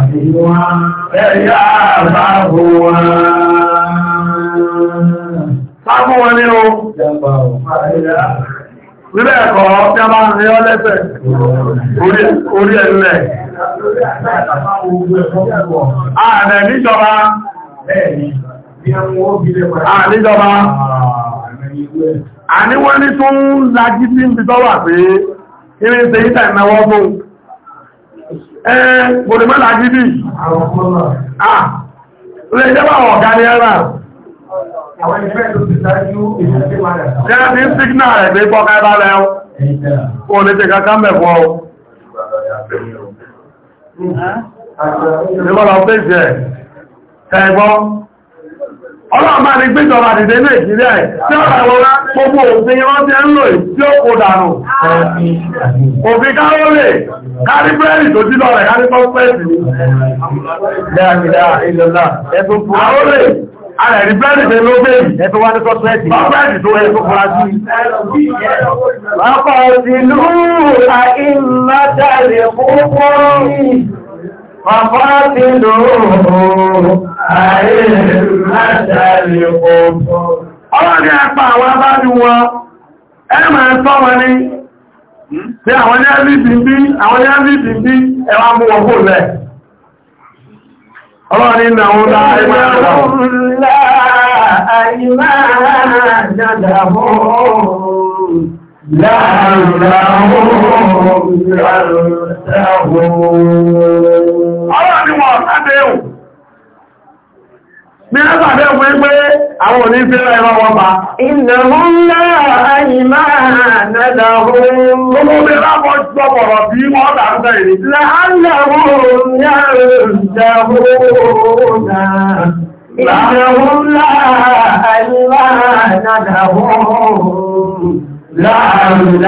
ẹ̀yà àtàkò wa. Sáàmù wọn ni ó. Nílẹ̀ ẹ̀kọ́ tí a máa ń rí ọ lẹ́sẹ̀, orí ẹ̀lẹ́. Ààrẹ níjọba Àníjọba. Ah, ah, Àníwọ́n ní tó ń lají sí ń fi tọ́wà pé irin ṣe ìta ìnáwó fún. Ẹ gbòdì mọ́ lají bí. Ah, lè jẹ́bà ọ̀gá ní ẹ̀rà. Àwọn ìfẹ́ tó ti dájú ìfẹ́ tí wà rẹ̀. jẹ́. ẹ̀gbọ́ ọlọ́ọ̀bá ni gbíjọba dìde Nàìjíríà tí ó rẹ̀ wọ́n gbogbo òfin wọ́n ti ń lò tí ó kò dànù òfin káwọ́ lè kárí bẹ́ẹ̀rì tó jílọ rẹ̀ kárí pọ́pẹ́ẹ̀sì Àrẹ̀rí Fàfọ́sílòó ààrẹ látàrí ọ̀pọ̀. Ọlọ́dí apá àwọn abájú wọn, ẹ máa tọ́ wọn ní, tí àwọn ní ẹ́lìdì bí, àwọn ní ẹ́lìdì ẹwà mú wọn kò lẹ̀. Ọlọ́dí ìnà àwọn láàrín máa rọ̀. لعلهم يرتهون ọ̀rọ̀ ni wọ́n sábẹ́wò ní ẹ́sàbẹ́ wé pé àwọn òní sí ẹ̀rọ ẹ̀rọ wọn bá ìnàmúnlá àìmá nẹ́dàrún gbogbo bí lábọ́ gbọ́bọ̀rọ̀ bí wọ́n dàrúdà ìrìn láàrùn ní àrùn láàrùn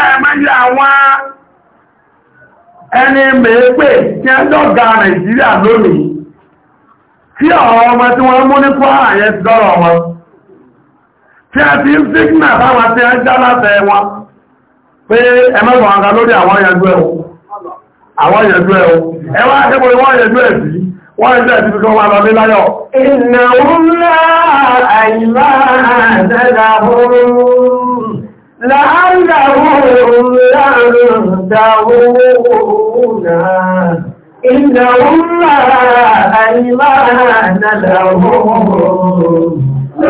Ẹ̀mẹ́jì àwọn ẹni mẹ́ẹ̀pẹ̀ tí ẹ dọ́gà Nàìjíríà lónìí tí ọ̀rọ̀ ọmọ tí wọ́n mú ní Kwara yẹn ti dọ́rọ̀ wọn tí a ti ń sígbìnà fáwọn tí a ń já látẹ̀ wọn pé ẹmẹ́gbọ̀n àga lórí àwọn ìyẹ̀dú ẹ̀ wọ́n ń bẹ̀rẹ̀ títí kan wà lọ níláyọ̀. Ìnà ńlá àìmá àdẹ́dà oòrùn láàrínlá oòrùn láàrínlá oòrùn náà. Ìnà ńlá àìmá àdẹ́dà oòrùn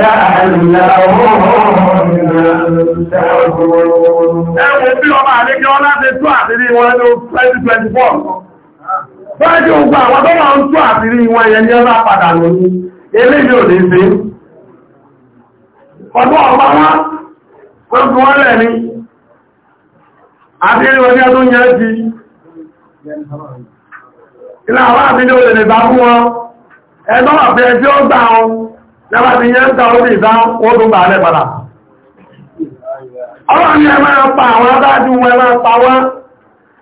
láàrínlá náà. Ẹ̀wọ̀n bí ọmọ àlejò ọlá wọn ní 2024. báyìí ogun àwọn tó máa ń tó àtìrí wọn yẹn ní ọlá padà lórí ilé ìlú òdí sí ọdún ọba wọn gbogbo wọn lẹ̀ ní àtìrí wọn ní ọdún yẹn ti ilé àwọn àbílẹ̀ olè lè fún wọn ẹgbọ́n àfẹ́ tí ó gbà ẹ máa pa àwọn adájú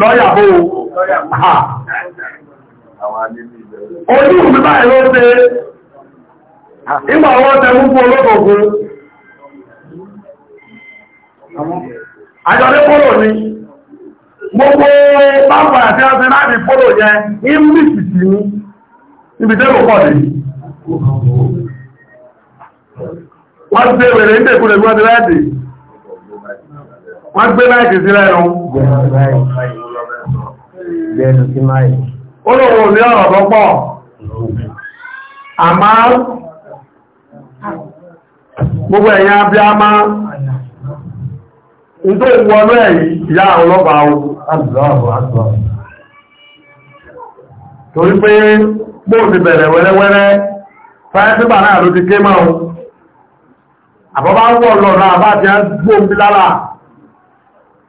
lọ́yà bó ha ojú mi báyìí ló ṣe ìgbà wọ́n tẹ fún olóògùn àjọ̀lé pólò ni gbogbo báwọn àti ọ̀sẹ̀ láti pólò yẹ english ní ibi tẹ́lò pọ̀ lè wọ́n tẹ́ wèrè ní tẹ́kùnlẹ̀ gbọ́dẹ̀ wọ́n gbé láìsí sí lẹ́nu bẹ̀rù sí máa yìí olóòwò ní ọ̀rọ̀ tó pọ̀ àmá gbogbo ẹ̀yà bí a máa ń tó wọnú ẹ̀yí ìyá ọlọ́pàá o torí pé bóòsì bẹ̀rẹ̀ wẹ́rẹ́wẹ́rẹ́ fáyẹ́sígbà náà ló ti ké máa àbọ́bá wọ́n lọ́nà àbá ti á gbóòmí lára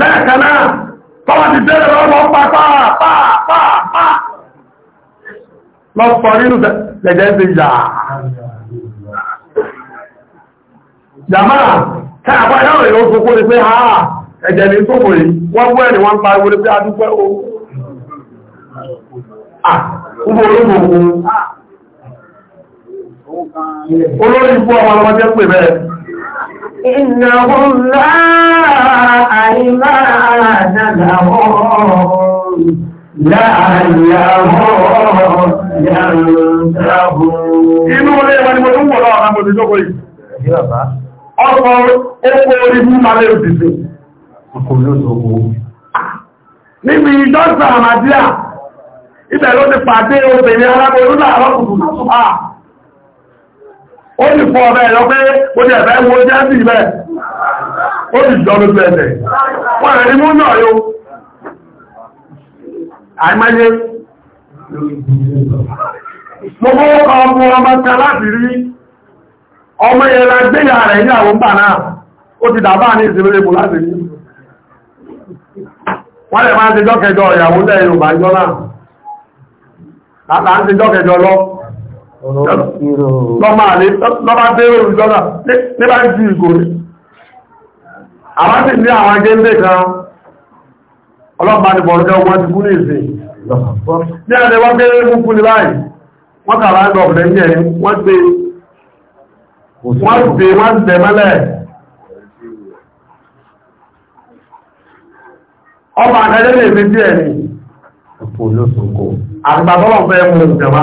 lẹ́ẹ̀kan náà tọ́wọ́ ti bẹ̀rẹ̀ lọ́wọ́ pàápàápàápàá nínú lẹ́jẹ́ ti yà jàmá káàbá yọ́ rẹ̀ pé ha ẹ̀jẹ̀ ní tó kòrì wọ́n bú ẹ̀rì wọ́n pariwo lè pé adúgbẹ́ o olórin fún ọmọ ọmọdé pè bẹ́ẹ̀ إنهم لا أيمان لهم لعلهم ينتهون inú ilé wọn ni mo tún pọ̀lọ́ àwọn ọmọdé lọ́kọ̀ yìí ọkọ̀ oko orí mú ma lè òtìsẹ̀ níbi ìjọ́sàn àmàdíà ibẹ̀ ló ti pàdé obìnrin aláboyún láàárọ̀ kùtù ó ti fọ́ ọmọ ẹ̀yọ pé ó ti ẹ̀fẹ́ wo jẹ́ sí ibẹ̀ ó ti jọ lójú ẹ̀sẹ̀ wọ́n rẹ̀ ní mú náà yóò àìmáyé gbogbo ọmọ ọmọ ta láti rí ọmọ yẹn gbéyà rẹ̀ ìyàwó ń bà náà ó ti dàbà ní ìsinmi láti rí wọ́n máa ń jọ́kẹjọ ìyàwó lẹ́yìn lọ́mà lè lọ́bá bẹ́rẹ̀ òjọ́lá nígbà jí ìgò rẹ̀ àwọn sì ní àwọn agẹ́gbẹ́ kan ọlọ́pàá ní bọ̀rọ̀dẹ́ wọ́n ti kú ní ìsìn ní àdẹ wọ́n gẹ́rẹ́ mú kú ní báyìí wọ́n kàrà ń lọ́pẹ̀ ní ẹ̀yìn wọ́n gbé wọ́n gbé wọ́n tẹ̀ mọ́lẹ̀ ọmọ àdájẹ́ àgbàbọ́lọ̀ fẹ́ mú ìjọba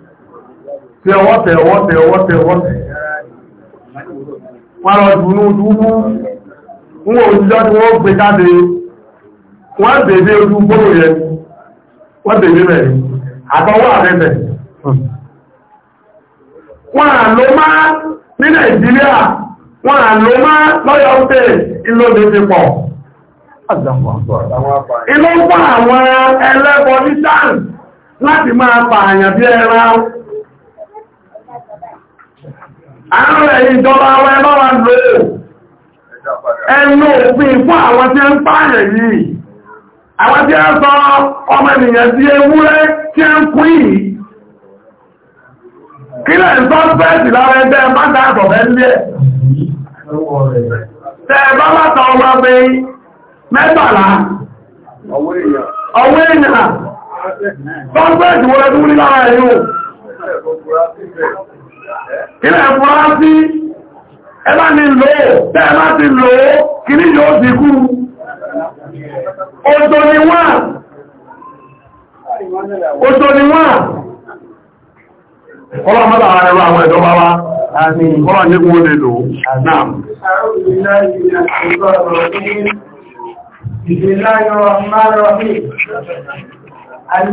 tẹ ọwọ́ tẹ ọwọ́ tẹ ọwọ́ tẹ ọwọ́ tẹ wọ́n lọ jù ní wọ́n òjìjọ́ tí wọ́n gbé jáde wọ́n wọ́n rẹ̀ àtọwọ́ àrẹ́bẹ̀ wọ́n ní Nàìjíríà wọ́n má àárọ̀ ìjọba àwọn ẹgbọ́ wa lò ẹnu òfin fún àwọn tí ń pààyàn yìí àwọn tí a sọ ọmọ ènìyàn sí ewúrẹ́ tí ń kú yìí kí lẹ́ ń sọ lára ẹgbẹ́ mátàtọ̀ mẹ́lẹ́ ọwọ́ èèyàn sọ bẹ́ẹ̀sì wọ́n ilẹ̀ ìfúra sí ẹlá ni lò bẹ́ẹ̀ bá ti lò kì ní yóò sì kú òjò ni wọ́n òjò ni wọ́n kọ́lọ̀ mọ́lá ẹ̀rọ àwọn ẹ̀dọ́ wá kọ́lọ̀ ní kún lò náà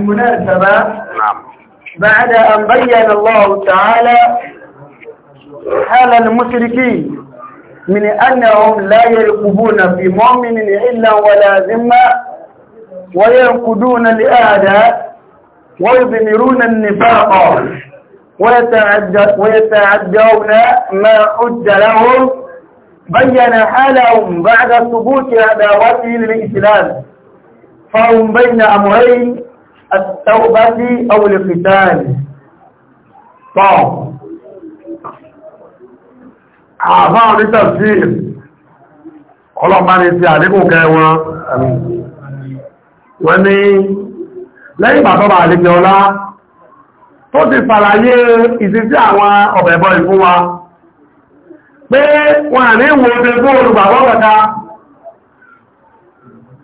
بسم بعد أن بين الله تعالى حال المشركين من أنهم لا يرقبون في مؤمن إلا ولا ذمة ويرقدون الأعداء ويضمرون النفاق ويتعدون ما حد لهم بين حالهم بعد ثبوت عداوته للإسلام فهم بين أمرين التوبة أو القتال طب àfáà ní tàbí ọlọ́pàá ní ti àdíkù kẹwọn wọ́n ní lẹ́yìn bàtọ́ bà àlejò ọlá tó ti fàlàyé ìsìsí àwọn ọ̀bẹ̀bọ̀ ìfún wa pé wọ́n à ní fún olùgbàwọ́ kẹta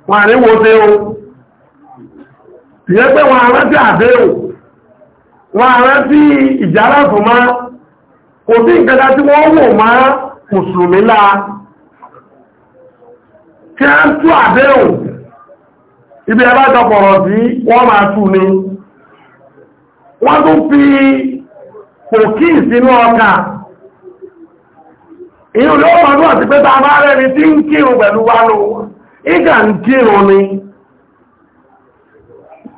wọ́n à ní o ìyẹ́ pé wọn arántí àdéhùn wọn arántí ìjáràfù má kò sí ìkẹta tí wọ́n wò má mùsùlùmí láà kí a ń tú àdéhùn ibi ẹbájọpọ̀rọ̀ sí wọ́n máa tú ni wọ́n tún fi kòkí ìsinú ọkà ìyún ló wọ́n tó àti pé ta bá rẹ̀ ní tí ń kírun pẹ̀lú wá lóòwọ́ ń kírun ni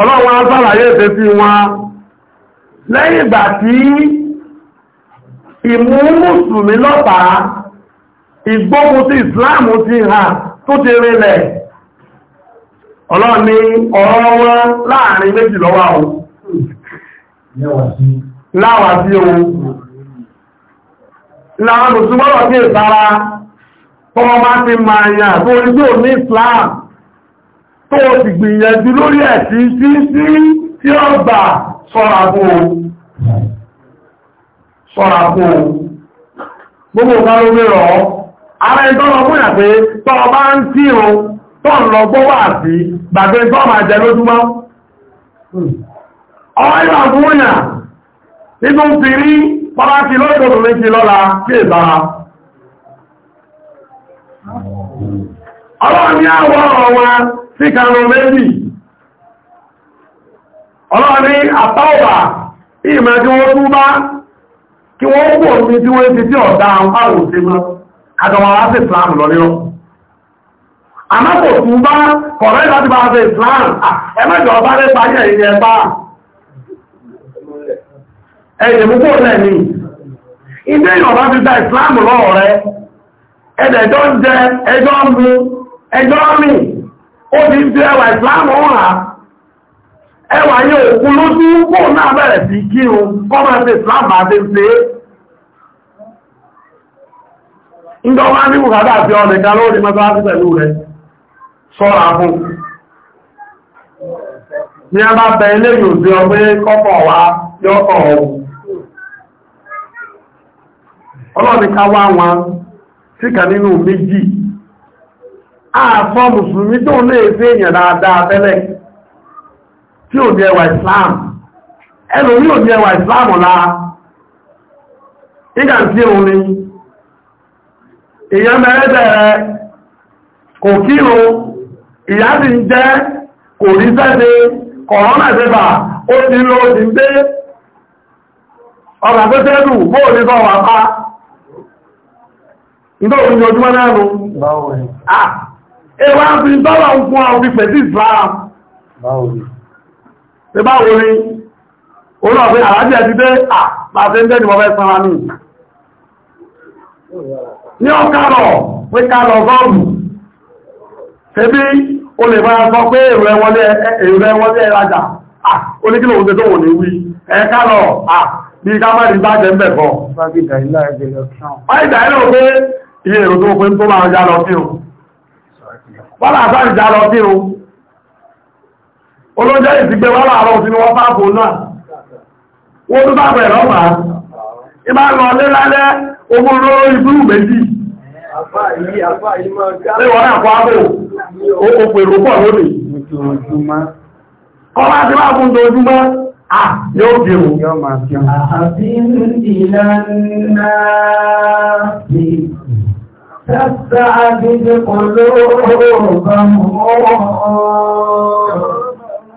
ọlọ́wọ́ aṣálàyé ẹ̀fẹ́ sí wọn lẹ́yìn ìgbà tí ìmú mùsùlùmí lọ́pàá ìgbógun ti Islam ti hàn tó ti rinlẹ̀ ọlọ́ni ọ̀rọ̀ wọn láàrin méjì lọ́wọ́ o láwà sí o láwọn òṣùgbọ́rọ̀ sí ìsára tọ́wọ́ bá ti máa yàn tó orí tí ò ní Islam tó o sì gbìyànjú lórí ẹ̀sí sí sí tí ó gbà sọ́ra kó o sọ́ra kó o gbogbo ọ̀gá ló gbé rọ̀ ara ẹni tọ́lọ fún ìyàpé tọ́lọ bá ń tí o tọ́ lọ gbọ́wọ́ àti gbàgbé tọ́ máa jẹ lójúmọ́ ọ̀rọ̀ àbúrúyà ọlọ́run ní àwọ̀ ọ̀rọ̀ sí kanú méjì ọlọ́run ní àtọ́wà ìmọ̀ tí wọ́n tún bá kí wọ́n kú òfin tí wọ́n ti tí ọ̀dá àwọn òṣèmọ́ àjọwà láti Islam lọ nílọ́ àmọ́kò tún bá kọ̀rẹ́ láti bá ṣe Islam ẹmẹ́jọ bá rẹ̀ parí ẹ̀yìn ẹ̀bá ẹ̀yìn mú kó lẹ̀ ó ti ń fi ẹwà ìsìláàmù hàn ẹwà yóò kú lójú pò náà bẹ̀rẹ̀ sí kírun kọ́mọ̀tì ìsìláàmù àti Ndị é ǹdọ́ wá ní bùkátà àti ọ̀dẹ̀ ká pẹ̀lú rẹ̀ sọ́ra fún ní a bá bẹ ilé yóò ọ wá àfọ́ mùsùlùmí tó ń lè fi èèyàn dáadáa tẹ́lẹ̀ tí ò ní ẹwà islam ẹlòmí ò ní ẹwà islam lára ìgbà tí òun ni èèyàn mẹ́rẹ́ bẹ̀rẹ̀ kò kíro ìyá ti ń jẹ́ kò rí sẹ́sẹ́ kọ̀rọ́nà ìfẹ́bà ó ti lọ ti ń ọ̀rọ̀ bóò ní sọ wà ojúmọ́ náà nù Ewa ń fi tọ́lọ̀ ń fún àwọn ìpẹ̀ sí ìsìlára. Ṣé bá wo ni? Olọ́ fi àrájì ẹ̀ ti dé à máa fi ń dẹ́ ìwọ̀n fẹ́ sanra ní. Ní ọ kárọ̀ pé kárọ̀ gọ́ọ̀lù. Ṣébí o lè bá sọ pé èrò ẹwọlé ẹrajà. Ó ní kí lòun ṣe tó wò ní wí. Ẹ kárọ̀ à bí ká má rí bá jẹ ń bẹ̀ kọ́. Bá ìdà ilé òpé iye èrò tó pé wọ́n láàá sáà ìjà lọ sínú olóúnjẹ́ ìsìgbé wọ́n láàá lọ sínú wọ́n fáàpù náà wọ́n tó bá bẹ̀rẹ̀ ọ̀pá ìbá lọ lé lálẹ́ ogun lóró ìbúrú méjì léwọ́n àpọ̀ àbò òpèrò máa fún ojúmọ́ Ah, yóò تستعبد قلوبهم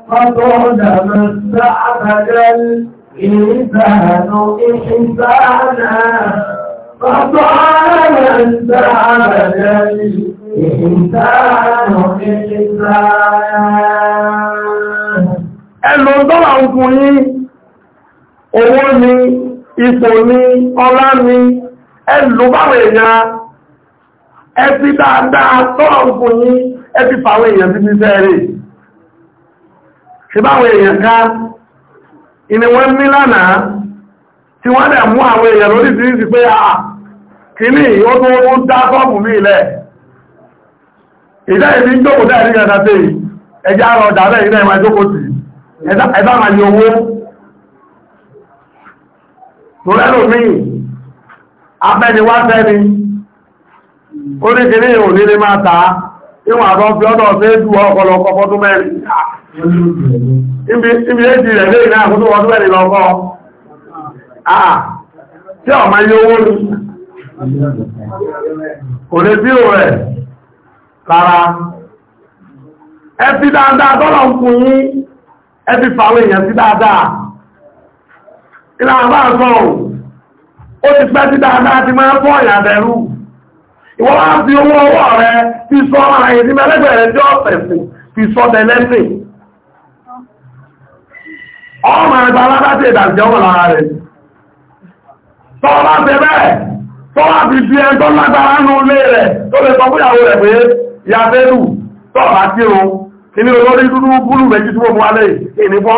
فطولما استعبد الإنسان إحسانا فطولما استعبد الإنسان إحسانا Ẹlọ dọ́là ọkùnrin, owó ni, ipò ni, ọlá ni, ẹlù báwọn èèyàn ẹbí dáadáa tọ́rọ̀ fún yí ẹbí fàwọn èèyàn sí ní sẹ́rẹ̀ ṣíbáwọn èèyàn ká ìní wọ́n ní lánàá tí wọ́n dẹ̀ mú àwọn èèyàn lórí sí sí pé à kìíní dá mí ilẹ̀ ìdá ìbí jókòó ó ní kìí ò ní lè máa tàá níwọ̀n àbọ́ fi ọdọ̀ sí èdù ọkọlọpọ̀ ọdún mẹ́rin ibi èdì rẹ̀ lè ní àkótó ọdún mẹ́rin lọ́kọ́ àà tí ọmọ iye owó ní kò lè bí ò rẹ̀ lára ẹ fi dáadáa tọ́lọ̀ ń kùn yí ẹ fi fàwọn èèyàn sí dáadáa ìlànà bá ń sọ ó ti pẹ́ sí dáadáa ti máa ń fọ́ ìyàbẹ̀rú ìwọ́n á fi owó ọwọ́ rẹ fi sọ àyèsí mẹ́lẹ́gbẹ̀rẹ̀ tí ọ̀sẹ̀ fi sọ tẹ̀lẹ́sìn ọmọ ẹ̀ta aládáṣẹ́ ìdàjẹ́ ọmọ lára rẹ̀ tọ́lá ṣe bẹ́ẹ̀ tọ́lá fi fi ẹjọ́ lágbára nù lé rẹ̀ tó lè sọ fúyàwó rẹ̀ pé ya fẹ́lù tọ́lá tí o kìí olórí dúdú búrú méjì tó mú alẹ́ ìní fọ́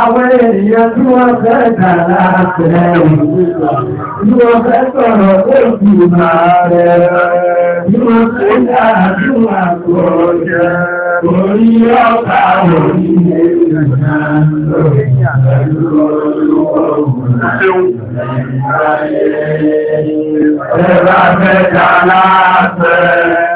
Àwọn ènìyàn tí wọ́n fẹ́ dàrá àtẹ́ tí wọ́n fẹ́ sọ̀rọ̀ tó fi máa rẹ̀ tí wọ́n fẹ́ dàrú àtọ́ jẹ́ orí ọ̀pá orí ẹ̀yà lórí ìyàlẹ́ Ẹ̀rọ fẹ́ dàrá àtẹ́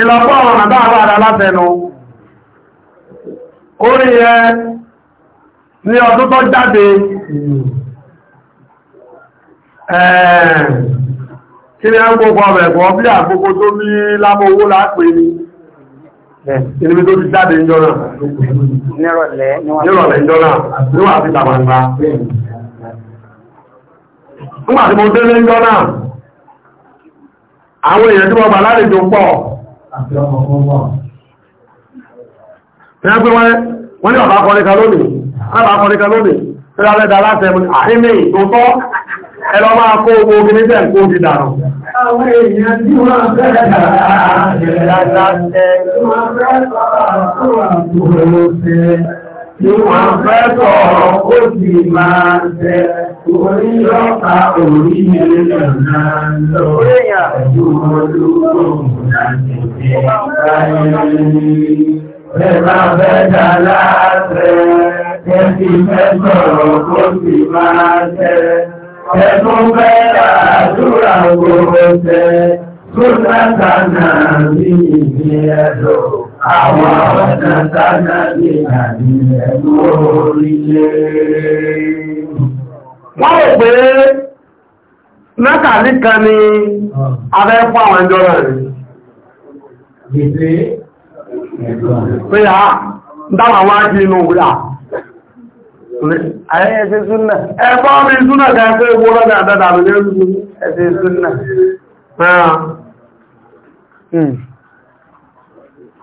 ìlọ́pọ̀ ọ̀nà dáadáa látẹnu orí ẹ ní ọdún tó jáde kí ni ẹgbẹ́ ọkọ̀ ọ̀rẹ̀kọ́ bí àkókò tó ní lábówó lápé ní ìlúmi tó ti jáde ìjọ náà nírọ̀lẹ̀ ìjọ náà níwà sí tàbàtà nígbàtí mo délé ìjọ náà àwọn èèyàn tí wọ́n bà lálejò pọ̀ wọ́n ní ọ̀bá kọrìkà lónìí ọ̀bá kọrìkà lónìí tí a lẹ́dà láti ẹmù àìmì tó tọ́ ẹlọ máa kó ogun ogun ní bẹ́ẹ̀ kó di dànù àwọn èèyàn tí wọ́n bẹ́ẹ̀ tí wọ́n fẹ́ sọ̀rọ̀ ó sì máa tẹ orí ọ̀pá náà lọ ẹ̀dùn olóògùn láti ṣe báyìí. Bẹ́ẹ̀bá fẹ́ dá fẹ́ sọ̀rọ̀ ó sì máa tẹ. Ẹ̀dùn fẹ́ àdúrà gbogbo tẹ, tó látà náà bí ìgbé ẹ̀dọ̀. àwọn ọ̀nà Wọ́n rò pé mẹ́ta níkan ni abẹ́ àwọn ẹjọ́ rẹ̀ Gbèsè pé a dáwà wá jí inú wúlà. Ẹgbọ́n mi ewu mi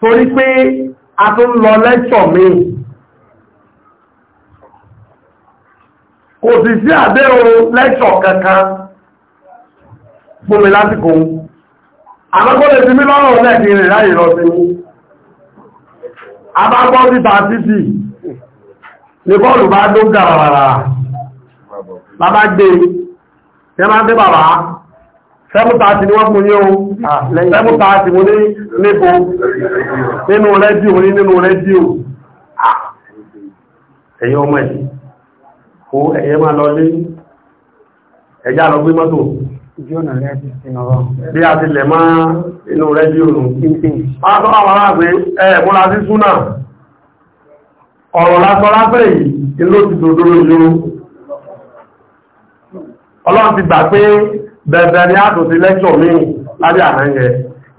torí pé a tó ń lọ lẹ́ṣọ̀ mi kò sì sí àbẹ́rún lẹ́ṣọ̀ kankan fún mi lásìkò àmọ́kọ́ lè fi mí lọ́rọ̀ lẹ́ẹ̀kì rìn láyé lọ sí mú abágbọ́ títà títì ní bọ́ọ̀lù bá dó gàràrà bàbá gbé ẹ máa ń dé bàbá sẹ́mùtàtì ni wọ́n mú ní ohun sẹ́mùtàtì mú ní níbo nínú rẹ́díò ní nínú rẹ́díò ah. ẹ̀yẹ ọmọ ẹ̀yẹ kó ẹ̀yẹ máa lọ lé ẹjá lọ gbé mọ́tò bí a ti lẹ̀ máa inú rẹ́díò nù pàtó àwọn aráàgbé ẹ̀ẹ̀múra sí súnà ọ̀rọ̀ lásọ lábẹ́ yìí ilé ti dòdó lójú ọlọ́run ti gbà pé bẹ̀bẹ̀ ni a tó ti lẹ́kṣọ̀ mí lábẹ́ àmẹ́yẹ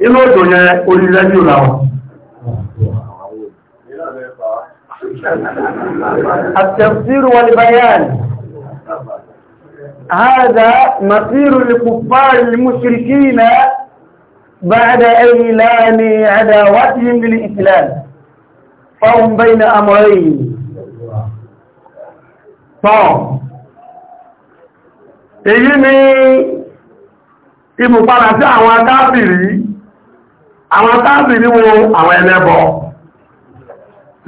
inú òjò yẹn orí rẹ́díò láwọn التفسير والبيان هذا مصير الكفار المشركين بعد إعلان عداوتهم للإسلام فهم بين أمرين طب èyí ni ìmùpadà sí àwọn akáàbìrí àwọn akáàbìrí wo àwọn ẹlẹ́bọ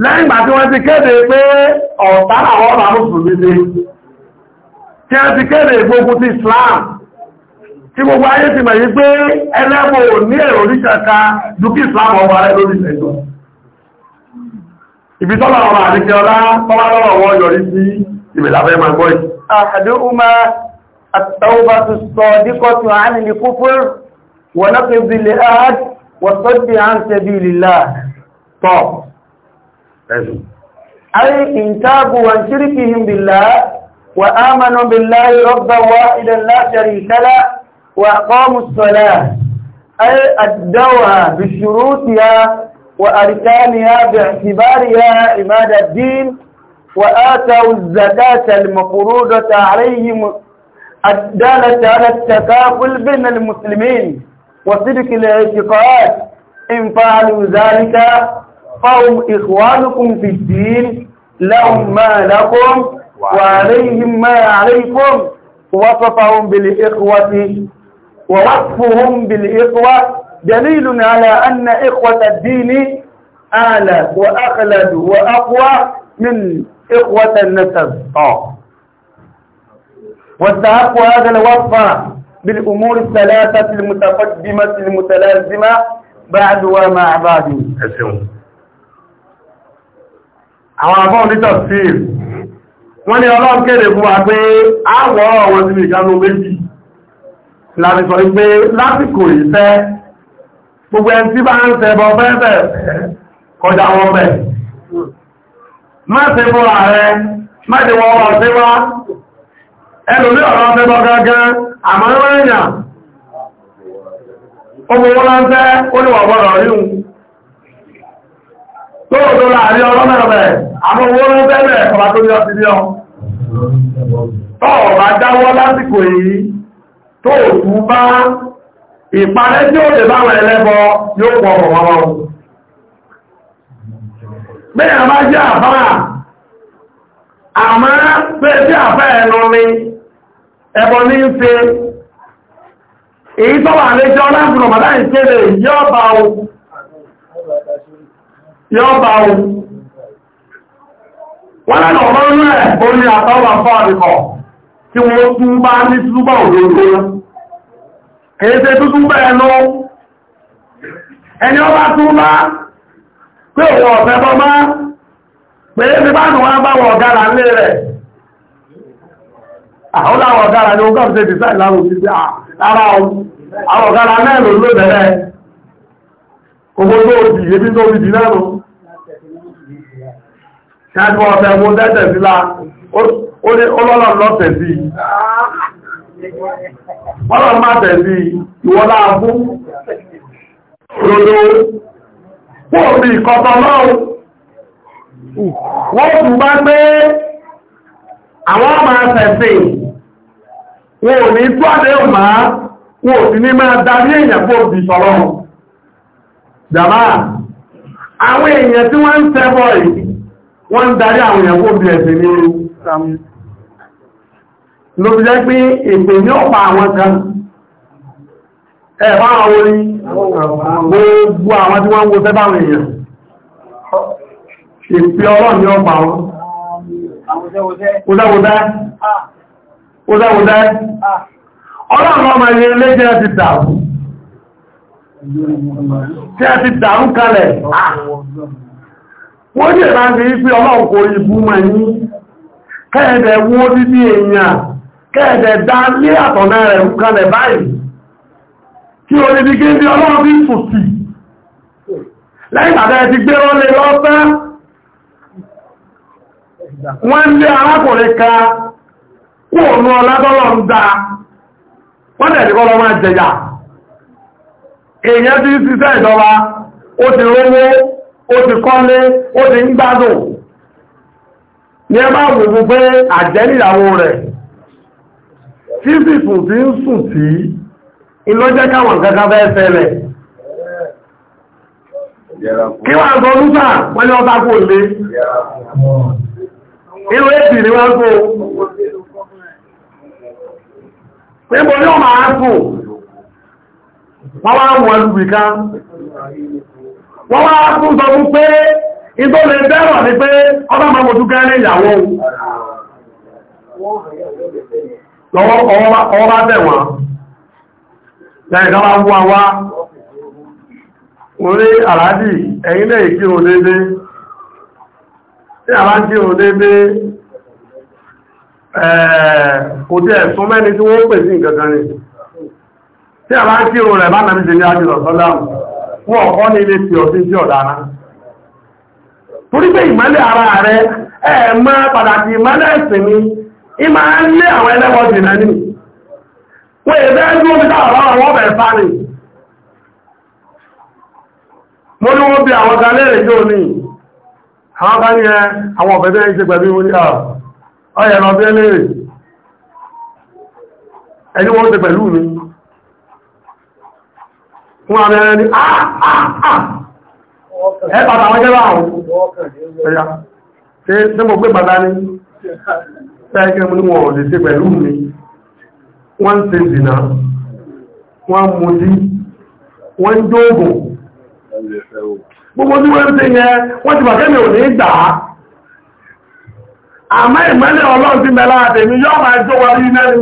lẹ́yìn ìgbà tí wọ́n ti kéde pé ọ̀tá àwọn ọ̀rọ̀ amúsùlùmí ṣe tí wọ́n ti kéde gbogbo ti Islam tí gbogbo ayé ti mẹ̀ yí pé ẹlẹ́bọ ní èrò oríṣẹ́ka dúkì Islam ọba rẹ̀ lórí ìṣẹ́jọ́ ibi tọ́lá ọ̀rọ̀ àdíkẹ́ ọlá tọ́lá lọ́rọ̀ wọ́n yọrí sí ìbẹ̀láfẹ́ máa gbọ́ yìí التوبة الصادقة عن الكفر ونقض العهد والصد عن سبيل الله طب أي إن تابوا عن شركهم بالله وآمنوا بالله ربا واحدا لا شريك له وأقاموا الصلاة أي أدوها بشروطها وأركانها باعتبارها عماد الدين وآتوا الزكاة المفروضة عليهم الدالة على التكافل بين المسلمين وصدق الاعتقاد إن فعلوا ذلك فهم إخوانكم في الدين لهم ما لكم وعليهم ما عليكم وصفهم بالإخوة ووصفهم بالإخوة دليل على أن إخوة الدين أعلى وأخلد وأقوى من إخوة النسب آه. واستحق هذا الوصف بالأمور الثلاثة المتقدمة المتلازمة بعد وما بعد àwọn àbọ́n ní tafsir wọ́n ní ọlọ́run kéde fún wa pé àwọ̀ ọ̀wọ̀n sí ìgbàmù méjì láti sọ pé lásìkò ìfẹ́ gbogbo ẹn tí bá ń tẹ́bọ̀ fẹ́ẹ̀fẹ́ kọjá wọn bẹ̀ má tẹ́bọ̀ ààrẹ má tẹ́bọ̀ ẹlòmí ọ̀rọ̀ ọ̀fẹ́bọ̀ gángan àmọ́ ẹ̀rẹ́yà ọmọwọ́ láńtẹ́ oníwọ̀gbọ̀rọ̀ ríhun tó òtò láàrin ọ̀rọ̀ mẹ́rẹ̀ àmọ́ owó láńtẹ́ bẹ̀ tó tí ó lè báwọn ẹlẹ́bọ yóò pọ̀ ọ̀rọ̀ wọn a pé tí ẹnu ni ẹbọn ní ń ṣe èyí tó wà lé jọ láti ìkéde yọ́bà o yọ́bà o wọ́n lẹ́nà ọmọ inú ẹ̀ orí àtọ́wà fọ́ọ̀dìkọ̀ tí wọ́n tún bá ní ọba pé ọ̀fẹ́ pẹ̀lú ẹgbẹ́ bá nù wọ́n bá wọ ọ̀gára ńlẹ̀ rẹ̀ àwọn ah, láwọn ọ̀gára ni ó kọ́ ṣe dìsáì láwọn òṣìṣẹ́ ara ah, àwọn ọ̀gára náà ló ló bẹ̀rẹ̀ owó tó di ebi tó di náà nù ṣáàtì ọ̀sẹ̀ mú tẹ́tẹ̀ sí la ó ní ọlọ́lọ́ lọ́tẹ̀ sí ọlọ́run má tẹ̀ sí ìwọ́lá abú lọ́dọ̀ pọ̀ bí ìkọ̀tọ̀ náà wọ́n tún bá pé àwọn máa tẹ̀sẹ̀ wọn ò ní tó àdé ọmọ wọn ò sí ní máa darí èèyàn kó bí sọ̀rọ̀ jàmá àwọn èèyàn tí wọ́n ń tẹ́bọ̀ yìí wọ́n ń darí àwọn èèyàn kó bí ẹ̀sẹ̀ ní sàmì ló fi jẹ́ pé èpè ní ọ̀pá àwọn kan ẹ̀bá àwọn orí gbogbo àwọn tí wọ́n ń wo tẹ́bà àwọn èèyàn ìpé ọlọ́run ni ọpa wọn ọdáwọdá ọlọ́run ọmọ ilé ilé jẹ́ ti dàrú tí a ti dàrú kalẹ̀ wọ́n jẹ́ bá ń fi ìpé ọlọ́run kò ìbú mọ̀ ní kẹ́ẹ̀dẹ̀ wó dídí èèyàn kẹ́ẹ̀dẹ̀ dá lé àtọ̀nà rẹ̀ kalẹ̀ báyìí kí ti gbé wọ́n lé arákùnrin ka kú ònú tọ́lọ̀ ń dá wọ́n tẹ̀lé ma máa jẹjà èèyàn ti ṣiṣẹ́ ìjọba ó ti rówó ó ti kọ́lé ó ti ń gbádùn ní ẹbá bá pé àjẹ́ níyàwó rẹ̀ tí sì sùn ń sùn irú èbì ni wọ́n gùn níbo ní ọmọ àágùn wọ́n wá wọ́n lùbì ká wọ́n wá fún sọ fún pé ìtò lè bẹ́rọ̀ ní pé ọba wá orí tí a tí a bá ń kírun rẹ̀ bá nàbí ṣe ní àjìlọ̀ sọ́dáàmù fún ọ̀kọ́ ní ilé tí ọ̀sí tí ọ̀dáná torí pé ìmọ́lẹ̀ ara rẹ̀ pàtàkì ìmọ́lẹ̀ lé àwọn àwọn bá ní ẹ àwọn ọ̀bẹ̀bẹ̀ ìṣe pẹ̀lú orí ọ̀yẹ̀ ah, lọ bí ẹlẹ́rẹ̀ ẹni wọ́n ti pẹ̀lú mi fún àmì ẹ̀rẹ́ ni ah, ah, ẹ pàtà àwọn jẹ́lá àwọn ẹ̀yà tí mo gbé bàtà ní pẹ́ẹ̀kẹ́ mú ní wọ́n lè ṣe pẹ̀lú mi wọ́n ń ṣe dìnà wọ́n gbogbo tí wọ́n ń ṣe yẹn wọ́n ti bàtẹ́ mi ò ní gbà á àmọ́ ìmọ́lẹ̀ ọlọ́run ti mẹ́lá àtẹ̀mí yọ́ máa jó wa rí mẹ́rin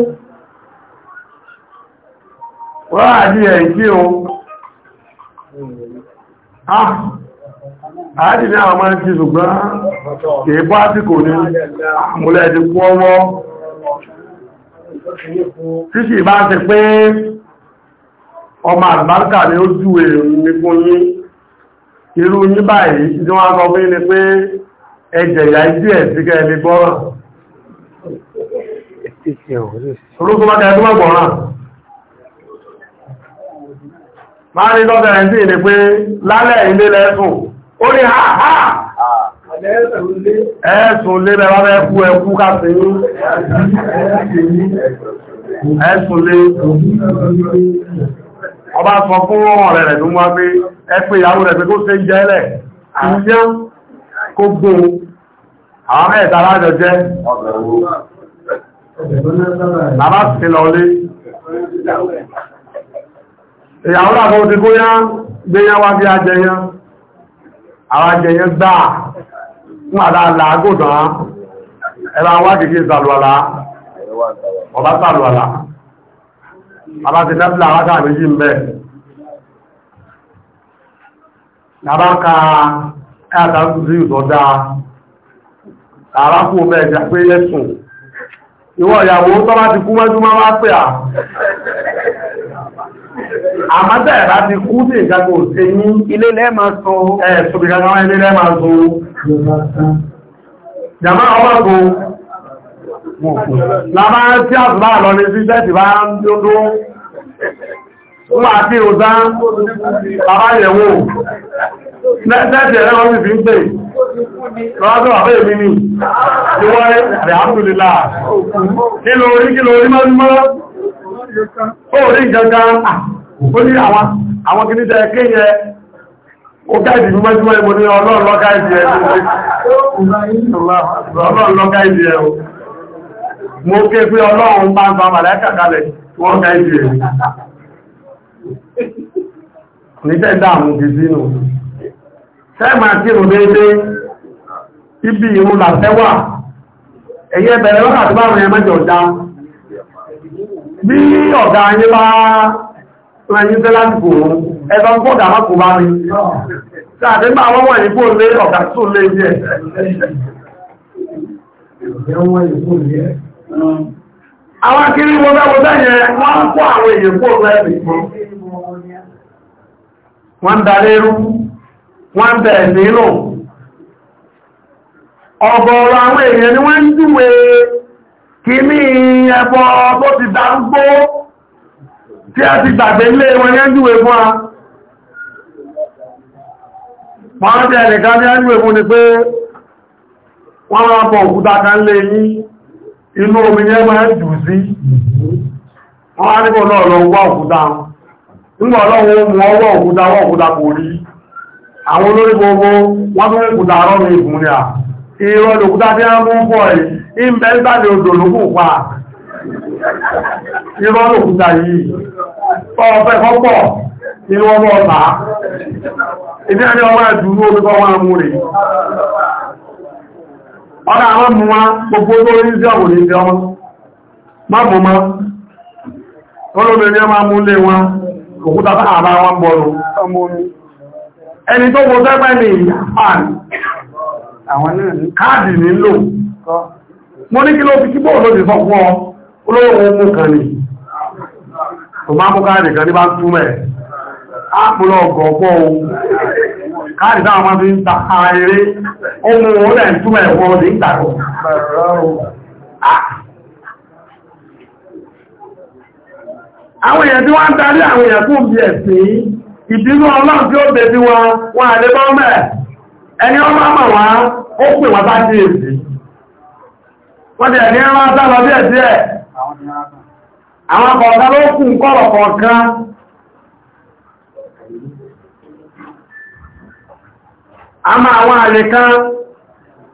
wọ́n àdí ẹ̀ kí o àádì ní àwọn máa ń kí ṣùgbọ́n kìí bá tí kò ní múlẹ̀ ti kú ọwọ́ tí sì bá ti pé ọmọ àgbárkà ni ó jú èrò ní irú ní báyìí tí wọ́n sọ fún ní pé ẹjẹ̀ ìyá ìdí ẹ̀ sí kẹ́ẹ̀lẹ́ gbọ́ràn orúkú bá kẹ́ẹ̀ tó mọ̀ gbọ́ràn máa ní lọ́gbẹ̀ ẹ̀ sí ní pé lálẹ́ ilé lẹ́sùn ó ní ha ha ẹ̀ẹ́sùn lé bẹ́ẹ̀ bá fú ẹkú káfí ọba sọ fún ọ̀rẹ́ rẹ̀ tó wá pé ẹ pé ìyàwó rẹ̀ pé kó ṣe ń jẹ́ lẹ̀ ìyá kó gbó àwọn mẹ́ẹ̀ta alájọ jẹ́ bàbá sì lọ lé ìyàwó làbọ̀ ọba sàlùwàlá àbáti náfìlà àwátà méjì ń bẹ́ nàbá ka ẹ́ta sí ìtọ́dá àrákù bẹ́ẹ̀ jà pé yẹ́sùn ìwọ ìyàwó tó bá ti kú mẹ́jú máa wá pẹ́ à àmọ́tẹ̀ ẹ̀rá ti kú sí ìjàgbò ṣe ní ilé lẹ́ẹ̀mà sọ ẹ̀ẹ̀sùn ìgbàgbà ilé lẹ́ẹ̀mà sọ jàmá ọmọ wọn kò lábá tí àtúbà lọ ní sí tẹ́tì bá ń dúdú wà tí ó dá bàbá yẹ̀wò tẹ́tì ẹ̀rẹ́ wọ́n sì fi ń pè lọ́wọ́dọ̀ àbẹ́ èmi ni ìwọ́ rẹ̀ àbúrúlélà kí ló rí kí ló rí mọ́ mọ́ ó rí gangan ó ní àwọn kìí jẹ kéyẹ ó gáìdì mú mọ́júmọ́ ìmọ̀ ní ọlọ́run lọ́gáìdì ẹ̀ mo ké pé ọlọ́run bá ń gba màlẹ́kà kalẹ̀ wọ́n ká ìdí rẹ̀ nítẹ́ dáàmù ti sínú sẹ́mà tí ò déédé ibi ìrún làtẹ́wà ẹ̀yẹ bẹ̀rẹ̀ wákàtí bá rẹ̀ mẹ́jọ bí bá rẹ̀yìn tẹ́ láti kò rún ẹgbọ́n kó kò bá rí bá wọ́wọ́ lé tó lé Àwọn akiri wọ́dáwọ́dá yẹn wọ́n ń kó àwọn èèyàn kó lẹ́bì fún. Wọ́n ń darí irú, wọ́n ń bẹ̀ nílò. Ọ̀gọ̀ọ̀rọ̀ àwọn èèyàn ni wọ́n ń kí ní ẹbọ tó ti dárúgbó tí a ti gbàgbé ilé wọn yẹn a. Wọ́n inú omi yẹn máa ń jù sí wọ́n á nígbò náà lọ wá òkúta nígbà ọlọ́run ó mú òkúta òkúta kò rí àwọn olórí gbogbo wọn tó òkúta rọ́mù ìgùn ni à ìrọ̀ lòkúta tí a mú ń odò pa yìí inú ọmọ ìdí ẹni ọmọ ọ̀dá àwọn mú wọn gbogbo olórin sí ọ̀wọ̀ lè jẹun má mú ma olóbìnrin ọmọ amúlé wọn òkúta àbá wọn bọ̀rọ̀ ẹni tó wo tẹ́gbẹ́ ní ìyàpáàlì àwọn náà ní káàdì nílò mo ní kí ló fi kí bóò ló ti sọ fún ọ olóòwò mú kan ní tó má mú káàdì kan káàrí sáwọn máa bụ ń ta ààrẹ ohun orí ẹ̀túnmẹ̀ ẹ̀wọ́ ọdí ń tàrọ àwọn èèyàn tí wọ́n darí àwọn èèyàn bí ẹ̀sìn ọlọ́run tí ó wọn wọn mẹ́ ẹni ọmọ àmà wá ó pè bá èsì wọ́n ẹran a máa ka àlèkán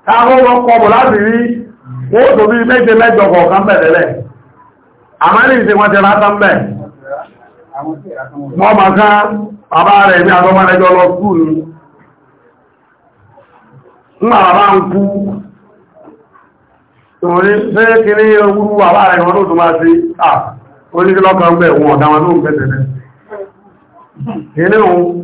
táwọn wọ́n kọbọ̀ láti rí wọ́n tó bí méje mẹ́jọ kọ̀ọ̀kan bẹ̀rẹ̀lẹ̀ àmálì ìsẹ́ wọ́n ti rátán bẹ̀ wọ́n máa ká bàbá rẹ̀ ní àtọ́mọ́lẹ́jọ́ lọ skúl nígbà bàbá ń kú torí fẹ́ kí ní ewúrú a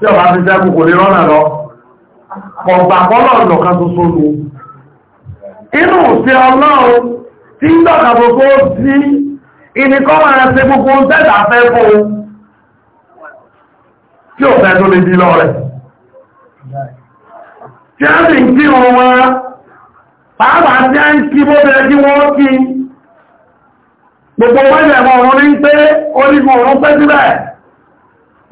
tí ọba fi sẹ́kù kò lè rọ́nà lọ kọ̀gbà kọ́lọ̀ lọ́kan soso lu inú sí ọlọ́run tí ń dọ̀kà gbogbo sí ìníkọ́ máa ṣe gbogbo tẹ́lá fẹ́ fún tí ò fẹ́ tó lè di lọ rẹ̀ tí a sì ń kí wọn wá pàápàá tí a ń kí bó bẹ̀rẹ̀ kí wọ́n kí gbogbo wọ́n ilẹ̀ wọn ọ̀run ní pé onígun ọ̀run pẹ́ síbẹ̀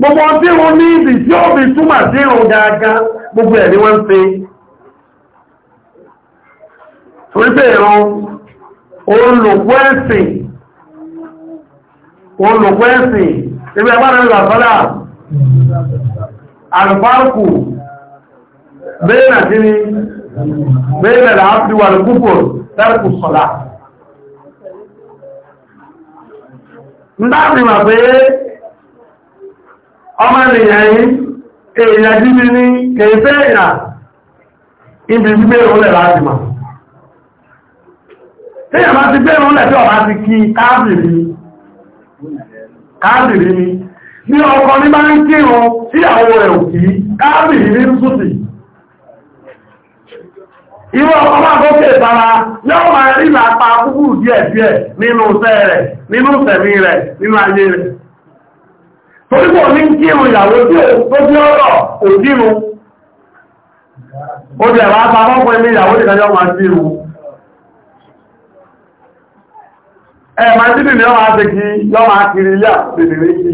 gbogbo ọdírun ní ibi tí ó fi túmọ̀ dírun gaagan gbogbo ẹ̀rí wọ́n ń pe orípẹ̀ ìran olùkọ́ ẹ̀sìn olùkọ́ ẹ̀sìn ibi agbára ìlàsọ́lá alfarku bẹ́ẹ̀nà tí ni bẹ́ẹ̀nà láàpíwà lùkúkò tẹ́rkù sọ́lá ń dáàbì pé ọmọ ènìyàn yìí èèyàn jíbi ní kèèfẹ́ èèyàn ibi gbígbé ìrúnlẹ̀ láti mọ̀ tí èèyàn ti gbé ìrúnlẹ̀ tí ọ̀bá ti kí káàbìrì ni ní ní bá ń àwọn kí ní máa rí làpá nínú rẹ̀ nínú rẹ̀ nínú ayé rẹ̀ torí pọ̀ ní kírun ìyàwó tí ó tí ọ̀rọ̀ òkírun ó jẹ̀ wá pàpọ̀ pẹ̀lú ìyàwó ìdájọ́ máa máa tí ya máa máa kiri ilé àpẹẹrẹ kí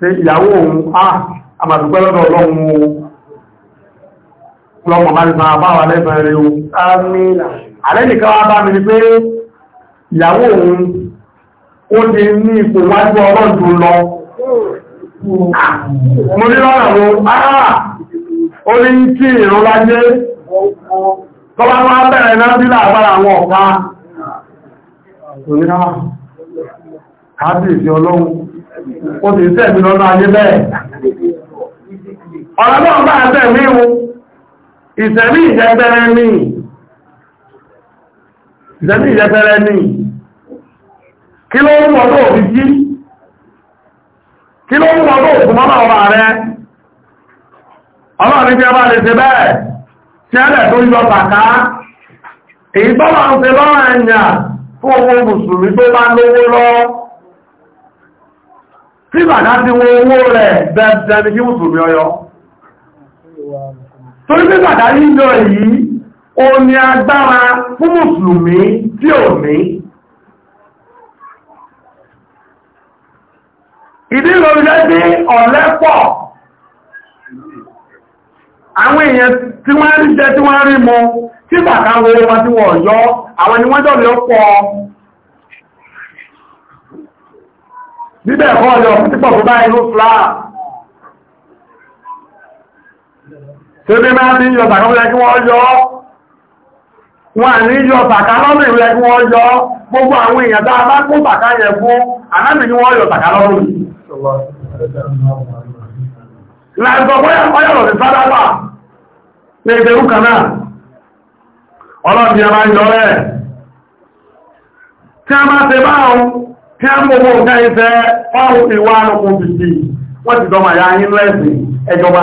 ṣe ìyàwó òun á o lọ́mọ̀ bá ti o ìyàwó òun ó ti ní ipò wájú ọlọ́dún Mo ní ahụ wo, áà, ó ní kí ìrún lájé, tọ́lá máa bẹ̀rẹ̀ náà bí láàbára àwọn ọ̀pá. Òníra, káàbìsì ọlọ́run, ó ti mi lọ́nà ayé bẹ́ẹ̀. Ọ̀rọ̀ náà bá tẹ́ẹ̀mí wu, ìsẹ̀mí ìjẹ́gbẹ́rẹ́ ní, ìsẹ̀mí ìjẹ́gbẹ́rẹ́ ní, kí kí ló mú ọdún òkú mọ́nà ọba rẹ ọlọ́rin tí a bá lè ṣe bẹ́ẹ̀ tí a lẹ̀ tó yọ tàká èyí tọ́lọ̀ ń ṣe lọ́rọ̀ ẹ̀yà fún owó mùsùlùmí tó bá lówó lọ tí bàdá ti wọ owó rẹ̀ bẹ́ẹ̀ ni kí mùsùlùmí ọyọ torí tí bàdá yíyọ èyí o ní agbára fún mùsùlùmí tí ò ní ìdí lórí lẹ́bí ọ̀lẹ́pọ̀ àwọn èèyàn tí wọ́n rí jẹ tí wọ́n rí mu tí bàkà wo wọn tí wọ́n yọ àwọn ni wọ́n jọ́lẹ̀ pọ̀ bíbẹ̀ ẹ̀kọ́ ọjọ́ tí pọ̀ tó bá inú fláà tí ó bí máa bí yọ bàkà wọ́n kí wọ́n yọ wọn àní yọ bàkà lọ́nà ìwẹ̀ kí wọ́n yọ gbogbo àwọn èèyàn dáa bá kó bàkà yẹ fún àlábì ni wọ́n yọ bàkà lọ́rùn yìí na pé ọyọ̀rọ̀ ti sádápà ní ìdẹ̀rú kan náà, ọlọ́dí ẹmà ìjọ rẹ̀. Tí a máa tẹ báhùn, tí a mú owó ǹkan ìfẹ́ fáhùn ìwà ànùkùn bìbì, wọ́n ti dọ́mà ya yín lẹ́sìn ẹjọba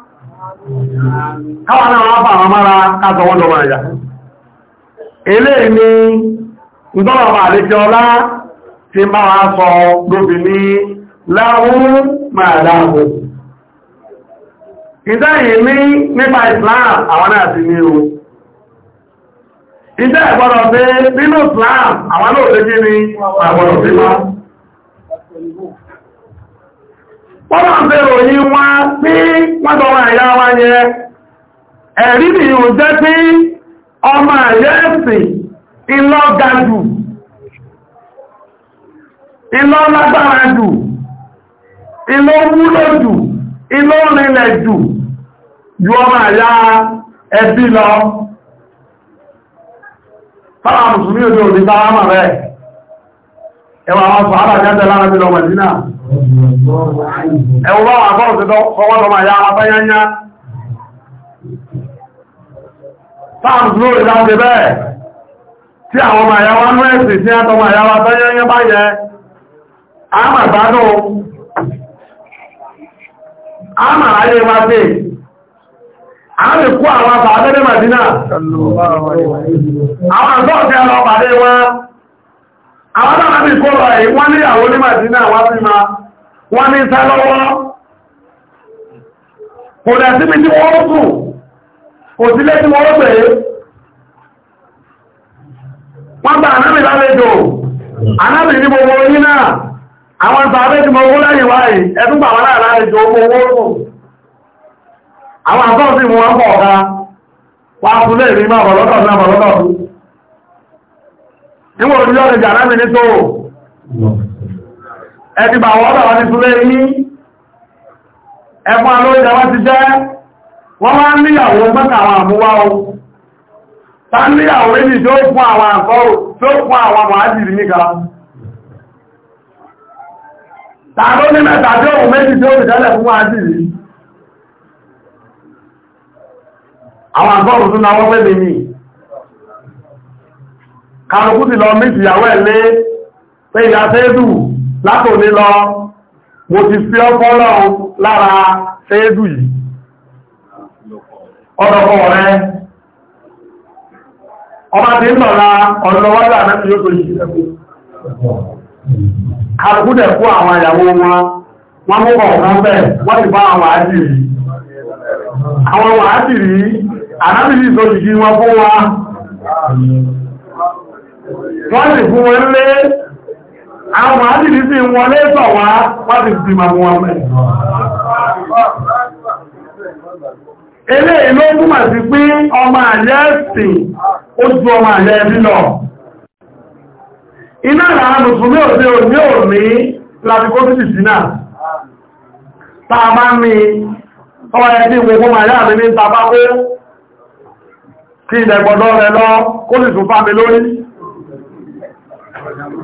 káwà náà wọ́n bá àmàrà kásọ wọ́n lọ́wọ́ ẹ̀yà ilé ní ìdọ́lọ̀wà àlejò ọlá ti bá wá sọ lóbi ní láwún máa dáàbò ìdáyìí ní nípa Islam àwọn náà ti ní o ìdá ìgbọ́dọ̀ pé nínú Islam àwọn náà Bọ́lá ń bẹ̀rẹ̀ òyí wá pí pẹ́tọ̀ ọmọ ìyá wá yẹ. Ẹ̀rí ni ò jẹ́ pé ọmọ ìyá ẹ̀sìn ga jù, ìlọ́lágbára jù, ìlọ́wúlò jù, ìlọ́rinlẹ̀ jù, ju ọmọ ìyá ẹbí lọ. Fáwọn Mùsùlùmí òde mọ̀ rẹ̀. ẹwà àwọn sọ alájáde lára bí lọ màdínà ẹwọ bá wà bọ́ọ̀ tẹ́tọ́ abáyányá sáàmù tó lórí láti bẹ́ẹ̀ tí àwọn ọmọ ní tí a tọmọ abáyányá àmàráyé dé àwọn àwọn náà bí kọ́rọ̀ ẹ̀ wọ́n ní àwọn onímọ̀dínà wọ́n bí ma wọ́n ní sá lọ́wọ́ kò dẹ̀ síbi tí wọ́n rọ́pù kò sí lé tí wọ́n rọ́pù ẹ̀ wọ́n bá anábì lálejò anábì ní gbogbo orí náà àwọn ìsàbẹ́ ti owó lẹ́yìn wáyìí ẹ̀tún níwọ̀n orí ọ̀rẹ́ jàrá mi ní tó ẹ̀dì bà wọ́n bàwọ́ ti súnlé ní ẹ̀fún alóòjẹ́ wọ́n ti jẹ́ wọ́n máa ń níyàwó mẹ́ta àwọn o ta níyàwó méjì tó fún àwọn àkọ́ tó fún àwọn kàrùkú sì lọ mítì ìyàwó ẹ̀ lé pé ìyá ṣéédù látòní lọ mo ti fi ọkọ́ lára ṣéédù yìí ọ̀dọ̀kọ̀ rẹ ọmọ ti ń lọ̀la ọ̀dọ̀lọ́wọ́dà yìí àwọn wọ́n fún wa wọ́n sì fún wọn lé àwọn àdìdí sí wọn lé sọ wá wọ́n sì fi máa wọn mẹ́ ilé ìlú túmọ̀ sí pé ọmọ àyẹ́ ẹ̀sìn ó ju ọmọ àyẹ́ ẹbí lọ iná àwọn mùsùlùmí òde òní òní láti kó sí ìsìnà tàà bá ní ọwọ́ ẹbí gbogbo màrí àmì ní tàbá pé kí ilẹ̀ gbọ́dọ̀ rẹ lọ kó sì tún fámi lórí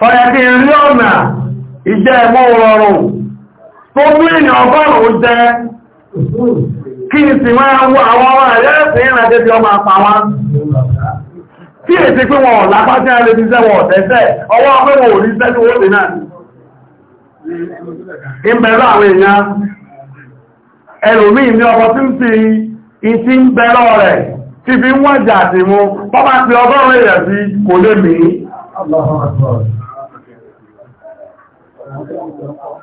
fọ̀yẹ̀kì rí ọ̀nà ìjẹ́ ẹ̀mọ́ rọrùn tó bí ìyàn ọgọ́rùn jẹ́ kí n sì máa wọ àwọn ọmọ ẹ̀yẹ́ sí ìrìnàjẹ́ tí ọmọ àpá wọn tí èsì pé wọn lápá tí a lè fi sẹ́wọ̀ ọ̀tẹ́sẹ́ ọwọ́ pé wọn ò rí sẹ́jú ó ní ọkọ̀ fi ń wọ́n jà sí mú ọgọ́rùn-ún sí kò lè mìí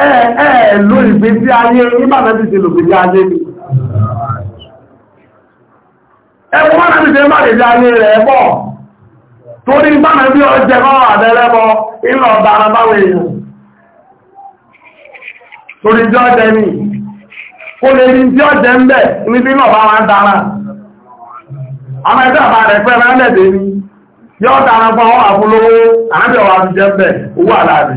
E e ìgbésí ayé si ti ṣe lògbèsí ayé ni ẹ̀kùn mọ́nà ti máa lèdí ayé rẹ̀ pọ̀ torí gbàmà bí ọjẹ́ mọ́rọ̀ àbẹ́rẹ́bọ ilọ̀ ọ̀dára báwọn èèyàn torí tí ọjẹ́ ni kó lè rí tí ọjẹ́ ń bẹ̀ níbi náà bá wọn dára àmọ́ pẹ́ ń bẹ̀ dé yọ́ dára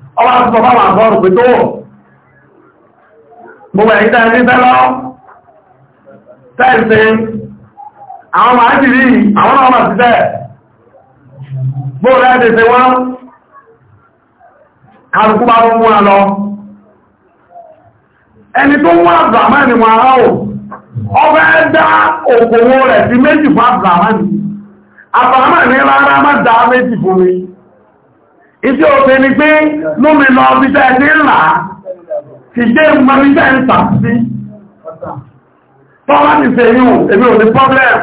ọwá ń sọ fáwọn àbọ̀rù pé tó gbogbo ẹ̀yí tẹ́ẹ̀ ní tẹ́lọ tẹ́ẹ̀sẹ̀ àwọn máa jì àwọn ọmọ sí tẹ́ gbóòrẹ́ ẹ̀dẹ̀ wọ́n kàrùkú bá lọ ẹni tó wọ́n àbàmẹ́ni wọn ará ò ọgbẹ́ dá òkòwò rẹ̀ sí méjì fún àbàmẹ́ni ìdí òfin ni pé lómi lọ bíjá ẹni ńlá ti dé mọ́ bíjá ẹni tàbí tọ́lá ti fẹ́ yíò èmi ò ní problem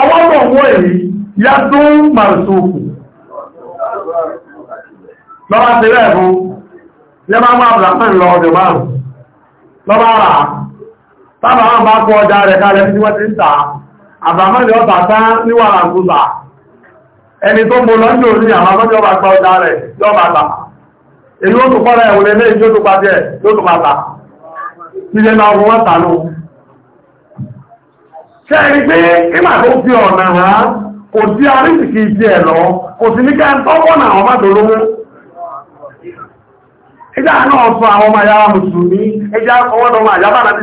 ọwọ́ bọ̀ wọ́n èyí yá tó màrùsùkù lọ́wọ́ ti rẹ̀ fún yẹ máa máa bàbá lọ ọdún márùn lọ́wọ́ rà tábà wọn bá kọ ọjà rẹ̀ kalẹ̀ tí wọ́n ti ń ta àbàmọ́ ni ọ ẹni tó mú lọ ní òní àwọn ọmọdé ọba gba ọjà rẹ̀ yọ máa ta èyí ó tún kọ́ra ẹ̀wọ̀n lè ní ìjó tó pàdé ẹ̀ ló tún máa ta ilé máa wọ́n ló ṣe pé tó fi ọ̀nà kò sí ẹ̀ lọ kò sí ní ká ń náà tó lówó ìjà náà àwọn ọmọ ayára mùsùlùmí ẹjá àjábà láti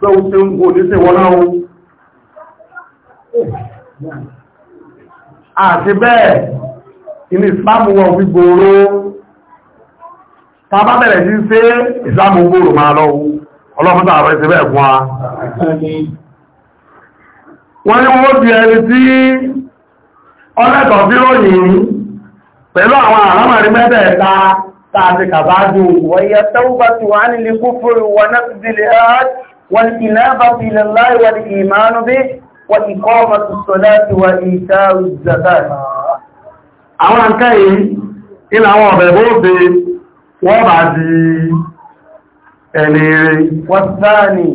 tó ń tí ń kò ní sí wọ́n náà àti bẹ́ẹ̀ inú ìsìlámù wọn fi gbòòrò ta bá bẹ̀rẹ̀ sí sí ìsìlámù gbòòrò máa lọ́wọ́ ọlọ́pàá ààrẹ ti bẹ́ẹ̀ fún wa wọ́n ní wọ́n di ẹni tí ọlẹ́tọ̀ sí ròyìn pẹ̀lú àwọn àrámàrí mẹ́tẹ̀ẹ̀ta tààtì kàbájú wọ́n yẹ tẹ́wọ́ bá ti wà nílé kúfúrú wọ́n náà ti dìlẹ̀ ẹ́ẹ́ والإنابة إلى الله والإيمان به وإقامة الصلاة وإيتاء الزكاة àwọn àǹkà yìí ilẹ̀ àwọn ọ̀bẹ̀ bóòbè wọ́n bá di ẹni rẹ̀ wọ́sáàni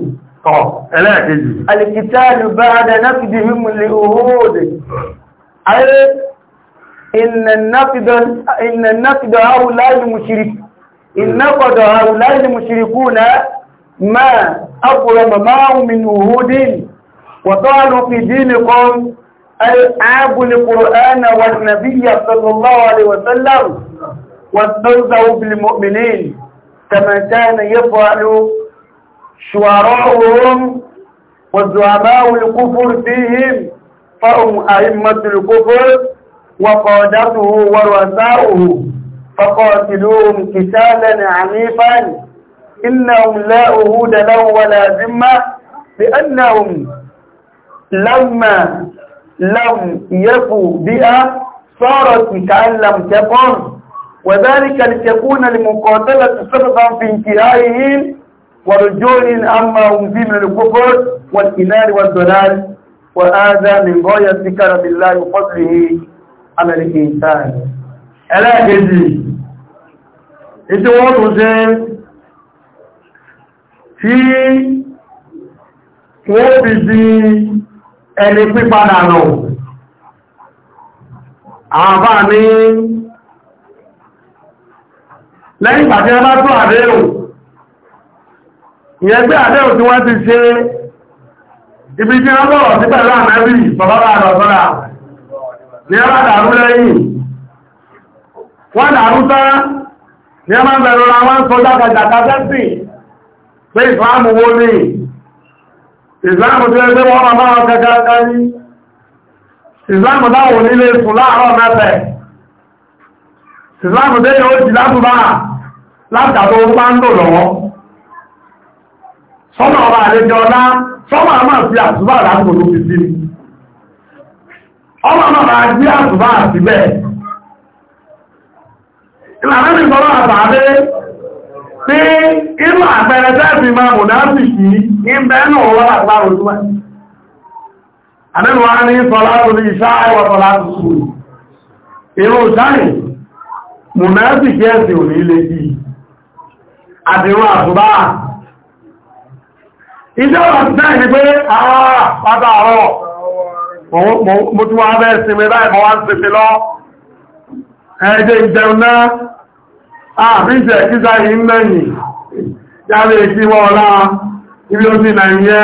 tọ̀ ẹlẹ́ẹ̀kejì alìkìtàlù bá adẹ náfìdì mímúlẹ̀ òhòòdè ayé ìnànáfìdọ̀ àwùláyìn mùsìrìkú náà máa أقرب معه من وهود وقالوا في دينكم العاب القرآن والنبي صلى الله عليه وسلم واستهزئوا بالمؤمنين كما كان يفعل شعراؤهم وزعماء الكفر فيهم فهم أئمة الكفر وقادته ورؤساؤه فقاتلوهم قتالا عنيفا إنهم لا أهود له ولا ذمة لأنهم لما لم يفوا بها صارت كأن لم تكن وذلك لتكون لمقاتلة سببا في انتهائهم ورجوعهم أما هم في من الكفر والإنار والضلال وهذا من غاية كرم الله وفضله على الإنسان. ألا جزي. إذا وضع tí wọ́n fi di ẹni pípadà nù àbá ní lẹ́yìn pàtí ẹbá tó àdéhùn ìyẹn pé àdéhùn tí wọ́n ti ṣe ibi tí wọ́n bọ̀rọ̀ sí pẹ̀lú àmẹ́bì bàbá àdọ̀sọ́dà ní ẹbá dàrú lẹ́yìn wọ́n dàrú tán ní ẹbá bẹ̀rù àwọn sọ́jà kàjàkà sẹ́sìn pé ìsìláàmù wó ní ìsìláàmù tí ẹgbẹ́ wọ́n máa máa kẹta kárí ìsìláàmù dáwọn nílé sùn láàárọ̀ mẹ́fẹ̀ ìsìláàmù tí ó jì látúbá látàtò bá ń lò lọ́wọ́ sọ́nà ọba àlejò ọlá sọ́nà àtúbà fi sí ọmọ náà jí àtúbà àti bẹ́ẹ̀ ìlànà ìgbọ́nà àtàbẹ́ pé irú àpẹẹrẹ tẹ́ẹ̀fì máa mọ̀ dáàbì kì í ń bẹ́ẹ̀nù ọwọ́ àpárò tó wáyé àdẹ́nuwa ní sọ́látò ní ìṣá ẹwà sọ́látò sùúrù irú sáyẹ̀ mùnáàbì kí ẹ̀sì ò ní ilé kí àdìrún àtúbá egbe ọ̀sán ní pé àwọn pátàrọ̀ mo tún wá bẹ́ẹ̀ sinmi láì àbíṣẹ̀ kíta yìí mẹ́yìn járe kí wọ́n ọlá ibi ó sì náà yẹ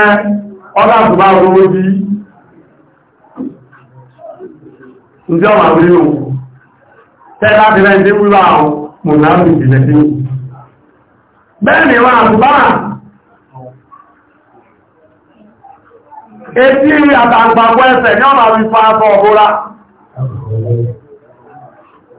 ọlá àtùbá owó bí ǹjẹ́ ọmọ àbí o tẹ́lá ti rẹ̀ ń dé wíwá o mò náà lè jìnà wọ́n àtùbá etí àtàgbàgbọ́ ẹsẹ̀ ní ọmọ àbí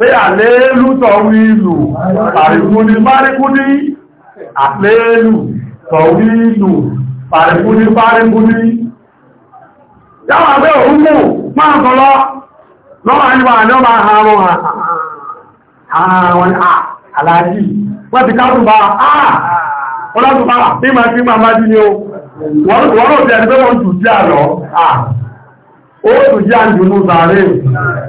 pé àlélù tọ̀wí ìlú pàrìkúni párìkúni àlélù tọ̀wí ìlú pàrìkúni párìkúni yáwà pé òun mú máa ń tọ́lọ́ lọ́wọ́ àyíwà àjọ́ máa ha àwọn wọ́n ti ká túnbà áà wọ́n látúnbà tí máa tí ní o wọ́n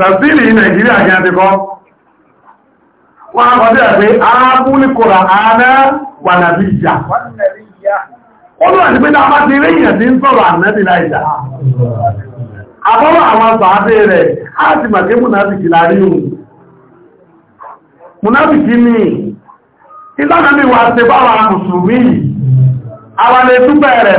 tàbílì nàìjíríà ní àtìkọ́ wọ́n àkọ́dé àti arábúlìkòrà ààrẹ wà nàbí ìjà olú àti pé dáa bá ti rí ìyàn tí ń sọ̀rọ̀ ànẹ́bì láìjà àbọ́rọ̀ àwọn sàádé rẹ̀ á ti màké múnàbìkì láàrí òun múnàbìkì ní ìdánàbí wa ti bára mùsùlùmí túbẹ̀ rẹ̀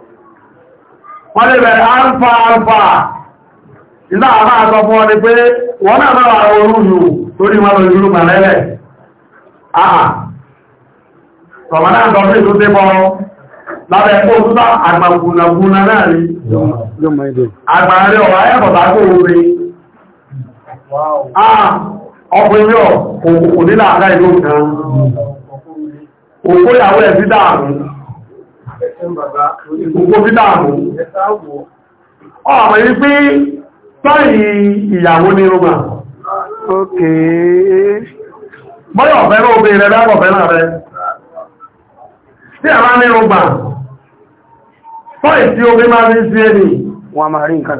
wọ́n lè bẹ̀rẹ̀ alfa alfa ìdá àbá àtọ́ fún ọ pé wọ́n náà bá wà oòrùn yìí torí wọn lè dúró mẹ́lẹ́lẹ̀ àà rọ̀mọ́nà àtọ́fẹ́ tó dé bọ́ lábẹ́ kó túnbá àgbàgbùnàgbùnà náà Ọ bụ àmú. Ọmọ yìí pé báyìí ìyàwó ní Roma. Ókè. Bọ́yọ̀ fẹ́rẹ́ obìnrin rẹ̀ lápọ̀ fẹ́ràn Tí a máa ní Roma, fọ́ì tí omi máa ní sí ẹni. Wọ́n máa rí nǹkan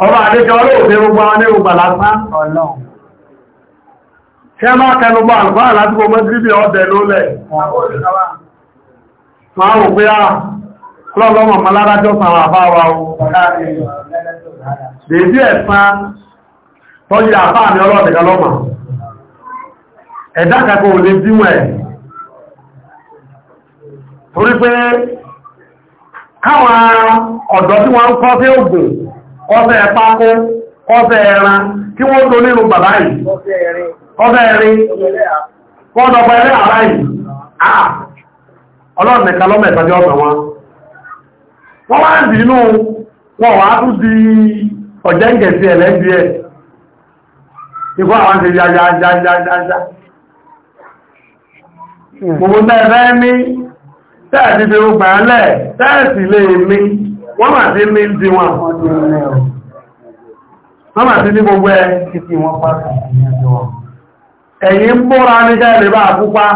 ọba àdéjọ olóòfẹ́ gbogbo àwọn onírùgbà lásán ṣe máa kẹnugbà àlùfáà láti gbogbo gíríbì ọdẹ lólẹ̀ máa rò pé á ah, lọ́lọ́mọ̀ maládájọ́ sàwọn àbáwa o dèbí ẹ̀sán tọ́jú àbáà ní ọlọ́dẹ̀gẹ́ lọ́mọ̀ ẹ̀dá kẹkọ̀ọ́ ò lè díwọ̀n ẹ̀ torí pé káwọn ọ̀dọ́ tí wọ́n ń kọ́ sí ògùn ọfẹ́ pákó ọfẹ́ ẹran kí wọ́n tó nínú bàbá yìí ọfẹ́ rí kọ́dọ̀pọ̀ ẹ̀rẹ́ àrá yìí àà ah. ah. ọlọ́run nìkan lọ́mọ̀ wọn wọ́n wá inú wọn wá tún di ti wọ́n máa ti ní ti wọn wọ́n máa ti ní gbogbo ẹ títí wọn pàtàkì ẹ̀yìn bóra ní jẹ́ bá púpá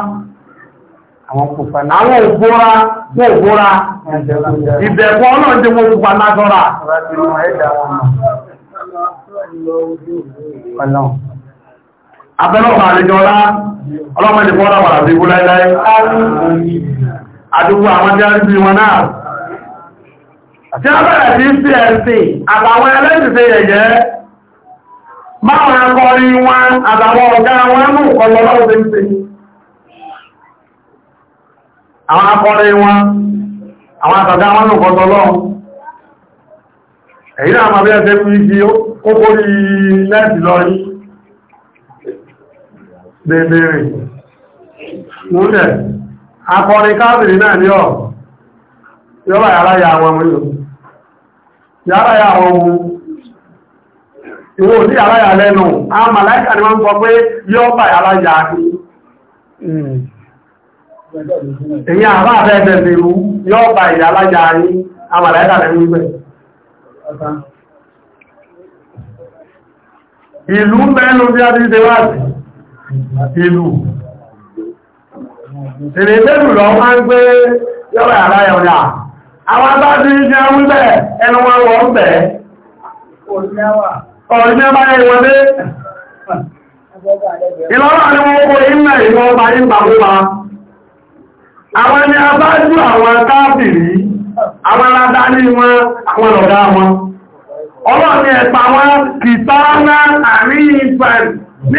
àwọn púpá àwọn òbóra kó òbóra ìbẹ̀kọ́ náà jẹ́ mọ́ púpá látọ́ra abẹ́lọ́pàá àlejọ́lá ọlọ́mọdé fọ́nà wà àti ikú láíláí àdúgbò àwọn jẹ́ àríbí wọn náà tí a sí sí ẹ̀sìn àtàwọn wọn wọn àwọn akọrí wọn àwọn àtàgá wọn èyí náà ma bí ẹ̀sẹ̀ fún ìdí kókó ní lẹ́ẹ̀sì lọ yí bèbèrè múlẹ̀ akọrí káàbìrì náà ní ọ̀rọ̀ yọba yàrá ya àwọn ọmọ yóò yàrá ya àwọn ọmọ ìwò ní yàrá ya lẹ́nu a màláìkà ni wọ́n sọ pé yọba yàrá ya èyí àbá àfẹ́ẹ̀fẹ́ ìlú yọ́bà yàrá ya yí a màláìkà lẹ́nu ìlú bí a ti ṣe wá sí ìlú èrè lọ máa ń gbé àwọn bá ti jẹ́ wíbẹ̀ ẹnu wọn wọ́n bẹ̀ ebe ìwọ̀dé ìlọ́wà ni wọ́n kó ìmẹ̀ ìwọ̀n ọba àwọn ni a àwọn káàbìrí àwọn aládáni wọn àwọn ọ̀dá wọn ọlọ́ni ẹ̀pà wọn kìtàánà àríyìn pẹ̀lú ní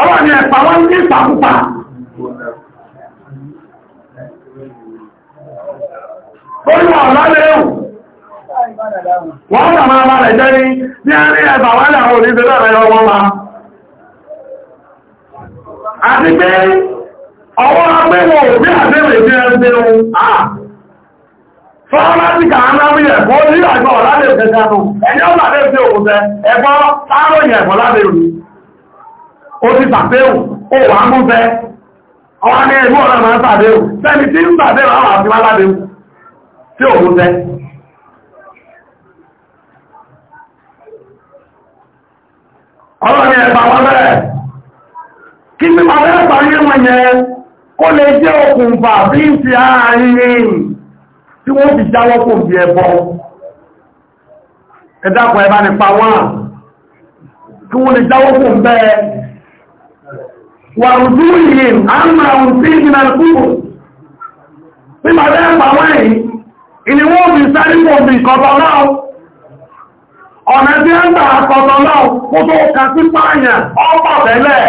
ọlọ́ni ẹ̀pà wọ́n ní ìpàkúpa Orí ọ̀lá léhùn, wọ́n nà máa rẹ̀ jẹ́ ní bí a rí ẹ̀bà wọ́n nà àwọn ọwọ́ ma. Àti pé ọwọ́ agbẹ́wò bí àgbẹ́wò bí ẹ ohun àà. Fọ́nà ti kà lè fẹ́ ó ti sàbẹ́wò ó wà mú bẹ ọwá ní ẹgbẹ́ ọ̀rọ̀ máa sàbẹ́wò sẹ́ni tí ń sàbẹ́wò àwọn àti málábẹ́wò tí ò mú bẹ ọlọ́ni ẹ̀bà wọn bẹ̀rẹ̀ kí ní ma bẹ́rẹ̀ parí wọn yẹn kó lè jẹ́ okùnfà bí ń fi àárín tí wọ́n fi jáwọ́ kò bí ẹbọ ẹ̀dàkùn ẹ̀bà nípa wọn kí wọ́n lè jáwọ́ kò bẹ́ẹ̀ wàrùdúrìhìn àmà a ìgbìnà púpù ní bàbá ẹ̀pà wẹ́yìn ìní wọ́n bí sáré wọ́n bí kọ̀tọ̀lọ́ ọ̀nà tí ń kọ̀tọ̀lọ́ kó tó kà sí tẹ́lẹ̀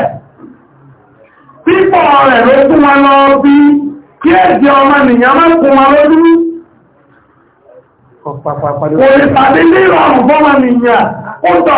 pípọ̀ rẹ̀ ló wọn lọ bí kí ọmọ nìyàn wọn lójú kò lè pàdé ìrọ̀rùn fọ́mọ nìyàn ó tọ̀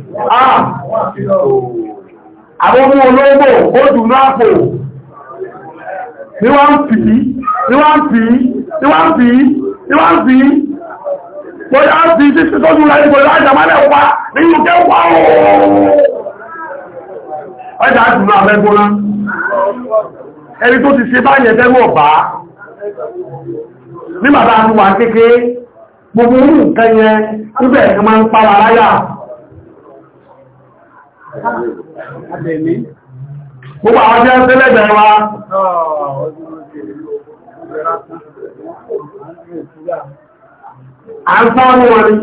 Ah! àwọn ọmọ olóògbò oòdù náà pò ní wọ́n ń fi ní wọ́n ń fi ní wọ́n ń fi ní wọ́n ń fi pọ̀lá ń fi títí tó dúró láti pọ̀lá àjàmálẹ̀ wá ní ìrùkẹ́ wá ooo ọjà àjùmọ̀ àfẹ́gbóná ẹni tó ti ṣe báyẹ̀ fẹ́gbọ́ ọ̀bá ní bàbá àtúwà kékeré gbogbo orú nǹkan yẹn níbẹ̀ ẹ̀kan máa ń pàwàráyà Gbogbo àwọn jẹ́ ndị tẹ́lẹ̀ wa. À ń sáwọn wọn ni.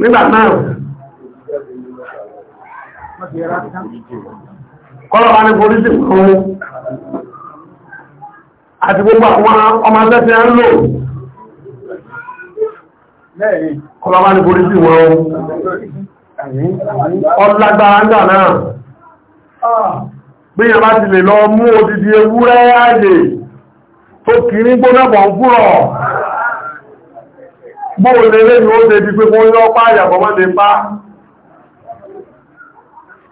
Nígbà náà. Kọ́lọ̀bá ní polisi fún àti gbogbo àwọn ọmọ ń lò. ní polisi ọlágbára ńgbà náà gbíyàn bá ti lè lọ mú odidi ewúrẹ́ ààyè tó kì ń fúrọ̀ bóò lèrè ó pé àyàbọ̀ lè pa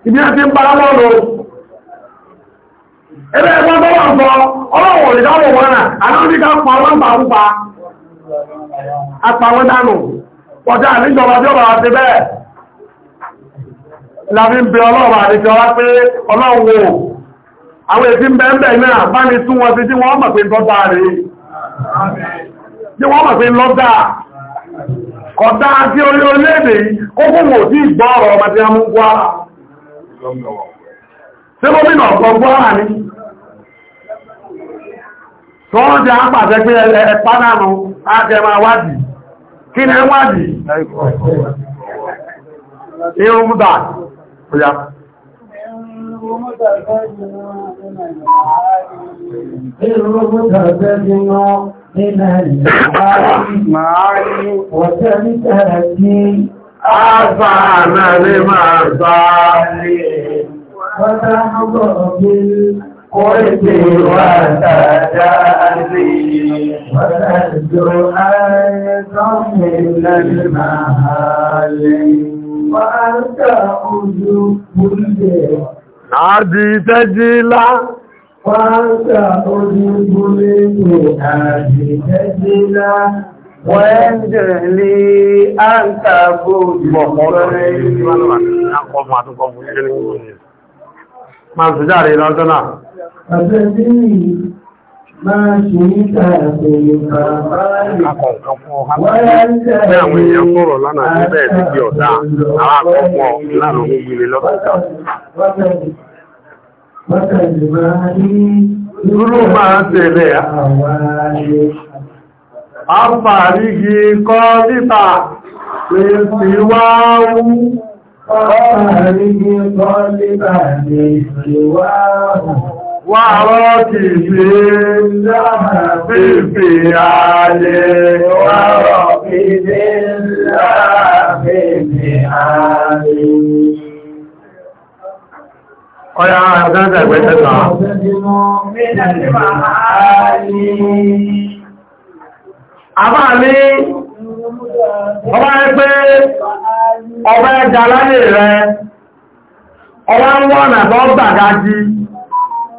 ibi ẹ́ ń para mọ́ lò ẹgbẹ́ ẹgbẹ́ náà aláwọ̀díká pa wọ́n pa ń láti ń bẹ àdíjọ wá pé ọlọ́run àwọn èsì ń bẹ ń bẹ náà bá ní tún wọn sí tí wọ́n mọ̀ pé lọ́dá rẹ̀ tí wọ́n mọ̀ pé lọ́dá kọ̀dá tí orí olédè kókó wò ìgbọ́ ọ̀rọ̀ kí ni bàtí ó yá. Àfàànà lè máa bá lè wọ́n dáhùn bí kòrìtì wà dáadáa lè wọ́n dájò ààrẹ tó mìíràn máa lè. Àdì tẹ́jìlá. Wáńtà ojú gúlé ní àdì tẹ́jìlá. Wẹ́ndẹ̀ ní àǹtà gbogbo ọ̀rẹ́ ìlú. Máa sùjáre lọ́jọ́ náà. Àbẹ́bí Máa ṣe àwọn èèyàn bẹ́ẹ̀ ọ̀dá àwọn máa kọ́ níta pé sí wá wú. kọ́ wà rọ́ kì í fi fífi ààlè wà rọ́ kì í fi fífi ààlè. Ọya àjọ́jẹ́ ìgbẹ́jẹ́ta. Àbá ní ọba ẹgbẹ́ ọba ẹjà láyé rẹ, ọba ń wọ́n nà bọ́ gbàgájí.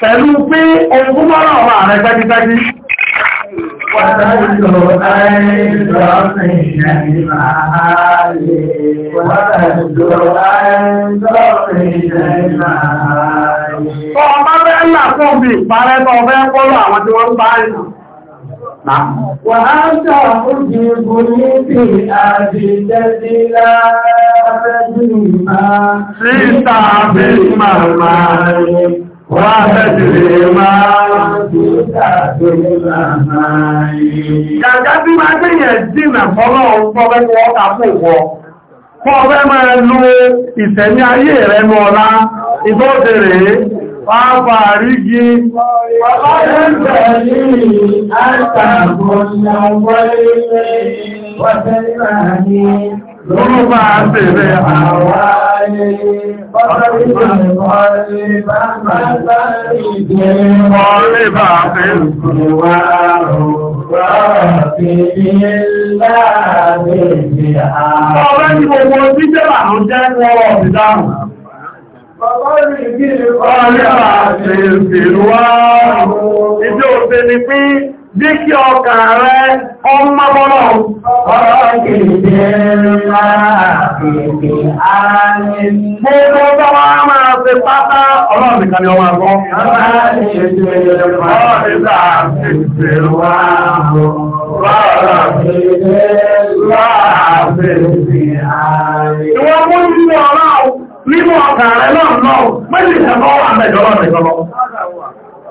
pẹ̀lú pé ohun tó mọ́rọ̀ ọmọ ààrẹ tẹ́kítẹ́kí Ọmọ bẹ́ẹ̀ fún bí ìparẹ́ tó ọbẹ́ pọ́lọ̀ àwọn tí wọ́n ń bá ìrìn. وأنت أجيبني في Gàgá tí máa gbìyàn dínà fọ́lọ́ ọ̀pọ̀lọpọ̀ ọ̀ta fún ìwọ̀. Fọ́ ọ̀fẹ́ máa lo ìsẹ̀mí ayé rẹ̀ mọ́ ọ̀lá, ìgbọ́dẹ̀rẹ̀, pàápà rígi. Wọ́n ló bá bẹ̀rẹ̀ àwárí Ọ̀rẹ́ bá fẹ́ wà Ọ̀rẹ́ ni gbogbo títẹ́ bà ló jẹ́ wọ́n ọ̀dìdáhùn. Ọ̀rẹ́ bá fẹ́ fèrè wá. Ìjọ́ òfin ni pín Jí kí ọkà rẹ ọmọ bọ́lọ̀ ọ̀rọ̀ kèèdè máa kèèdè ààrẹ. Mo lọ bá wá máa fi pátá ọlọ́rọ̀ nìkan ni ọmọ àgbọ́. Ọlọ́rọ̀ kèèdè máa kèèdè wá ọ̀rọ̀ kèèdè láàbẹ̀ẹ̀dè ààrẹ. Ìwọ́n mú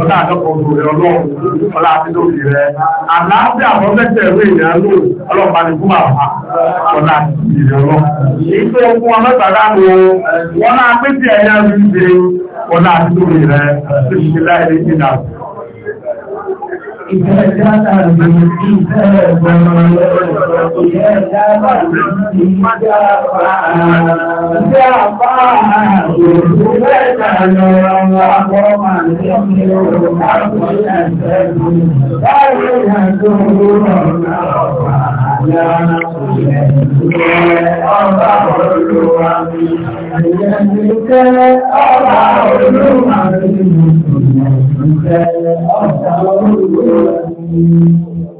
ọlá àjọpọ̀ òdò rẹ̀ ọlọ́run ọlá àtidóbi rẹ̀ àlàáfíà àwọn mẹ́tẹ̀ ìwé ìyẹn lò ọlọ́pàá ní fún àwọn ọlá rẹ̀ ọlọ́run wọn náà pé tí ẹ̀yà rí ṣe ọlá àtidóbi rẹ̀ إذا جاء بالكتاب إذا جاء بالكتاب جاء رسولنا وقوما يحملون حق الأسد فإنهم àyà òṣèlè ìṣẹ́ ọba olúwa mi. Àyà ìṣẹ́ ọba olúwa mi. Ìṣẹ́ ọba olúwa mi.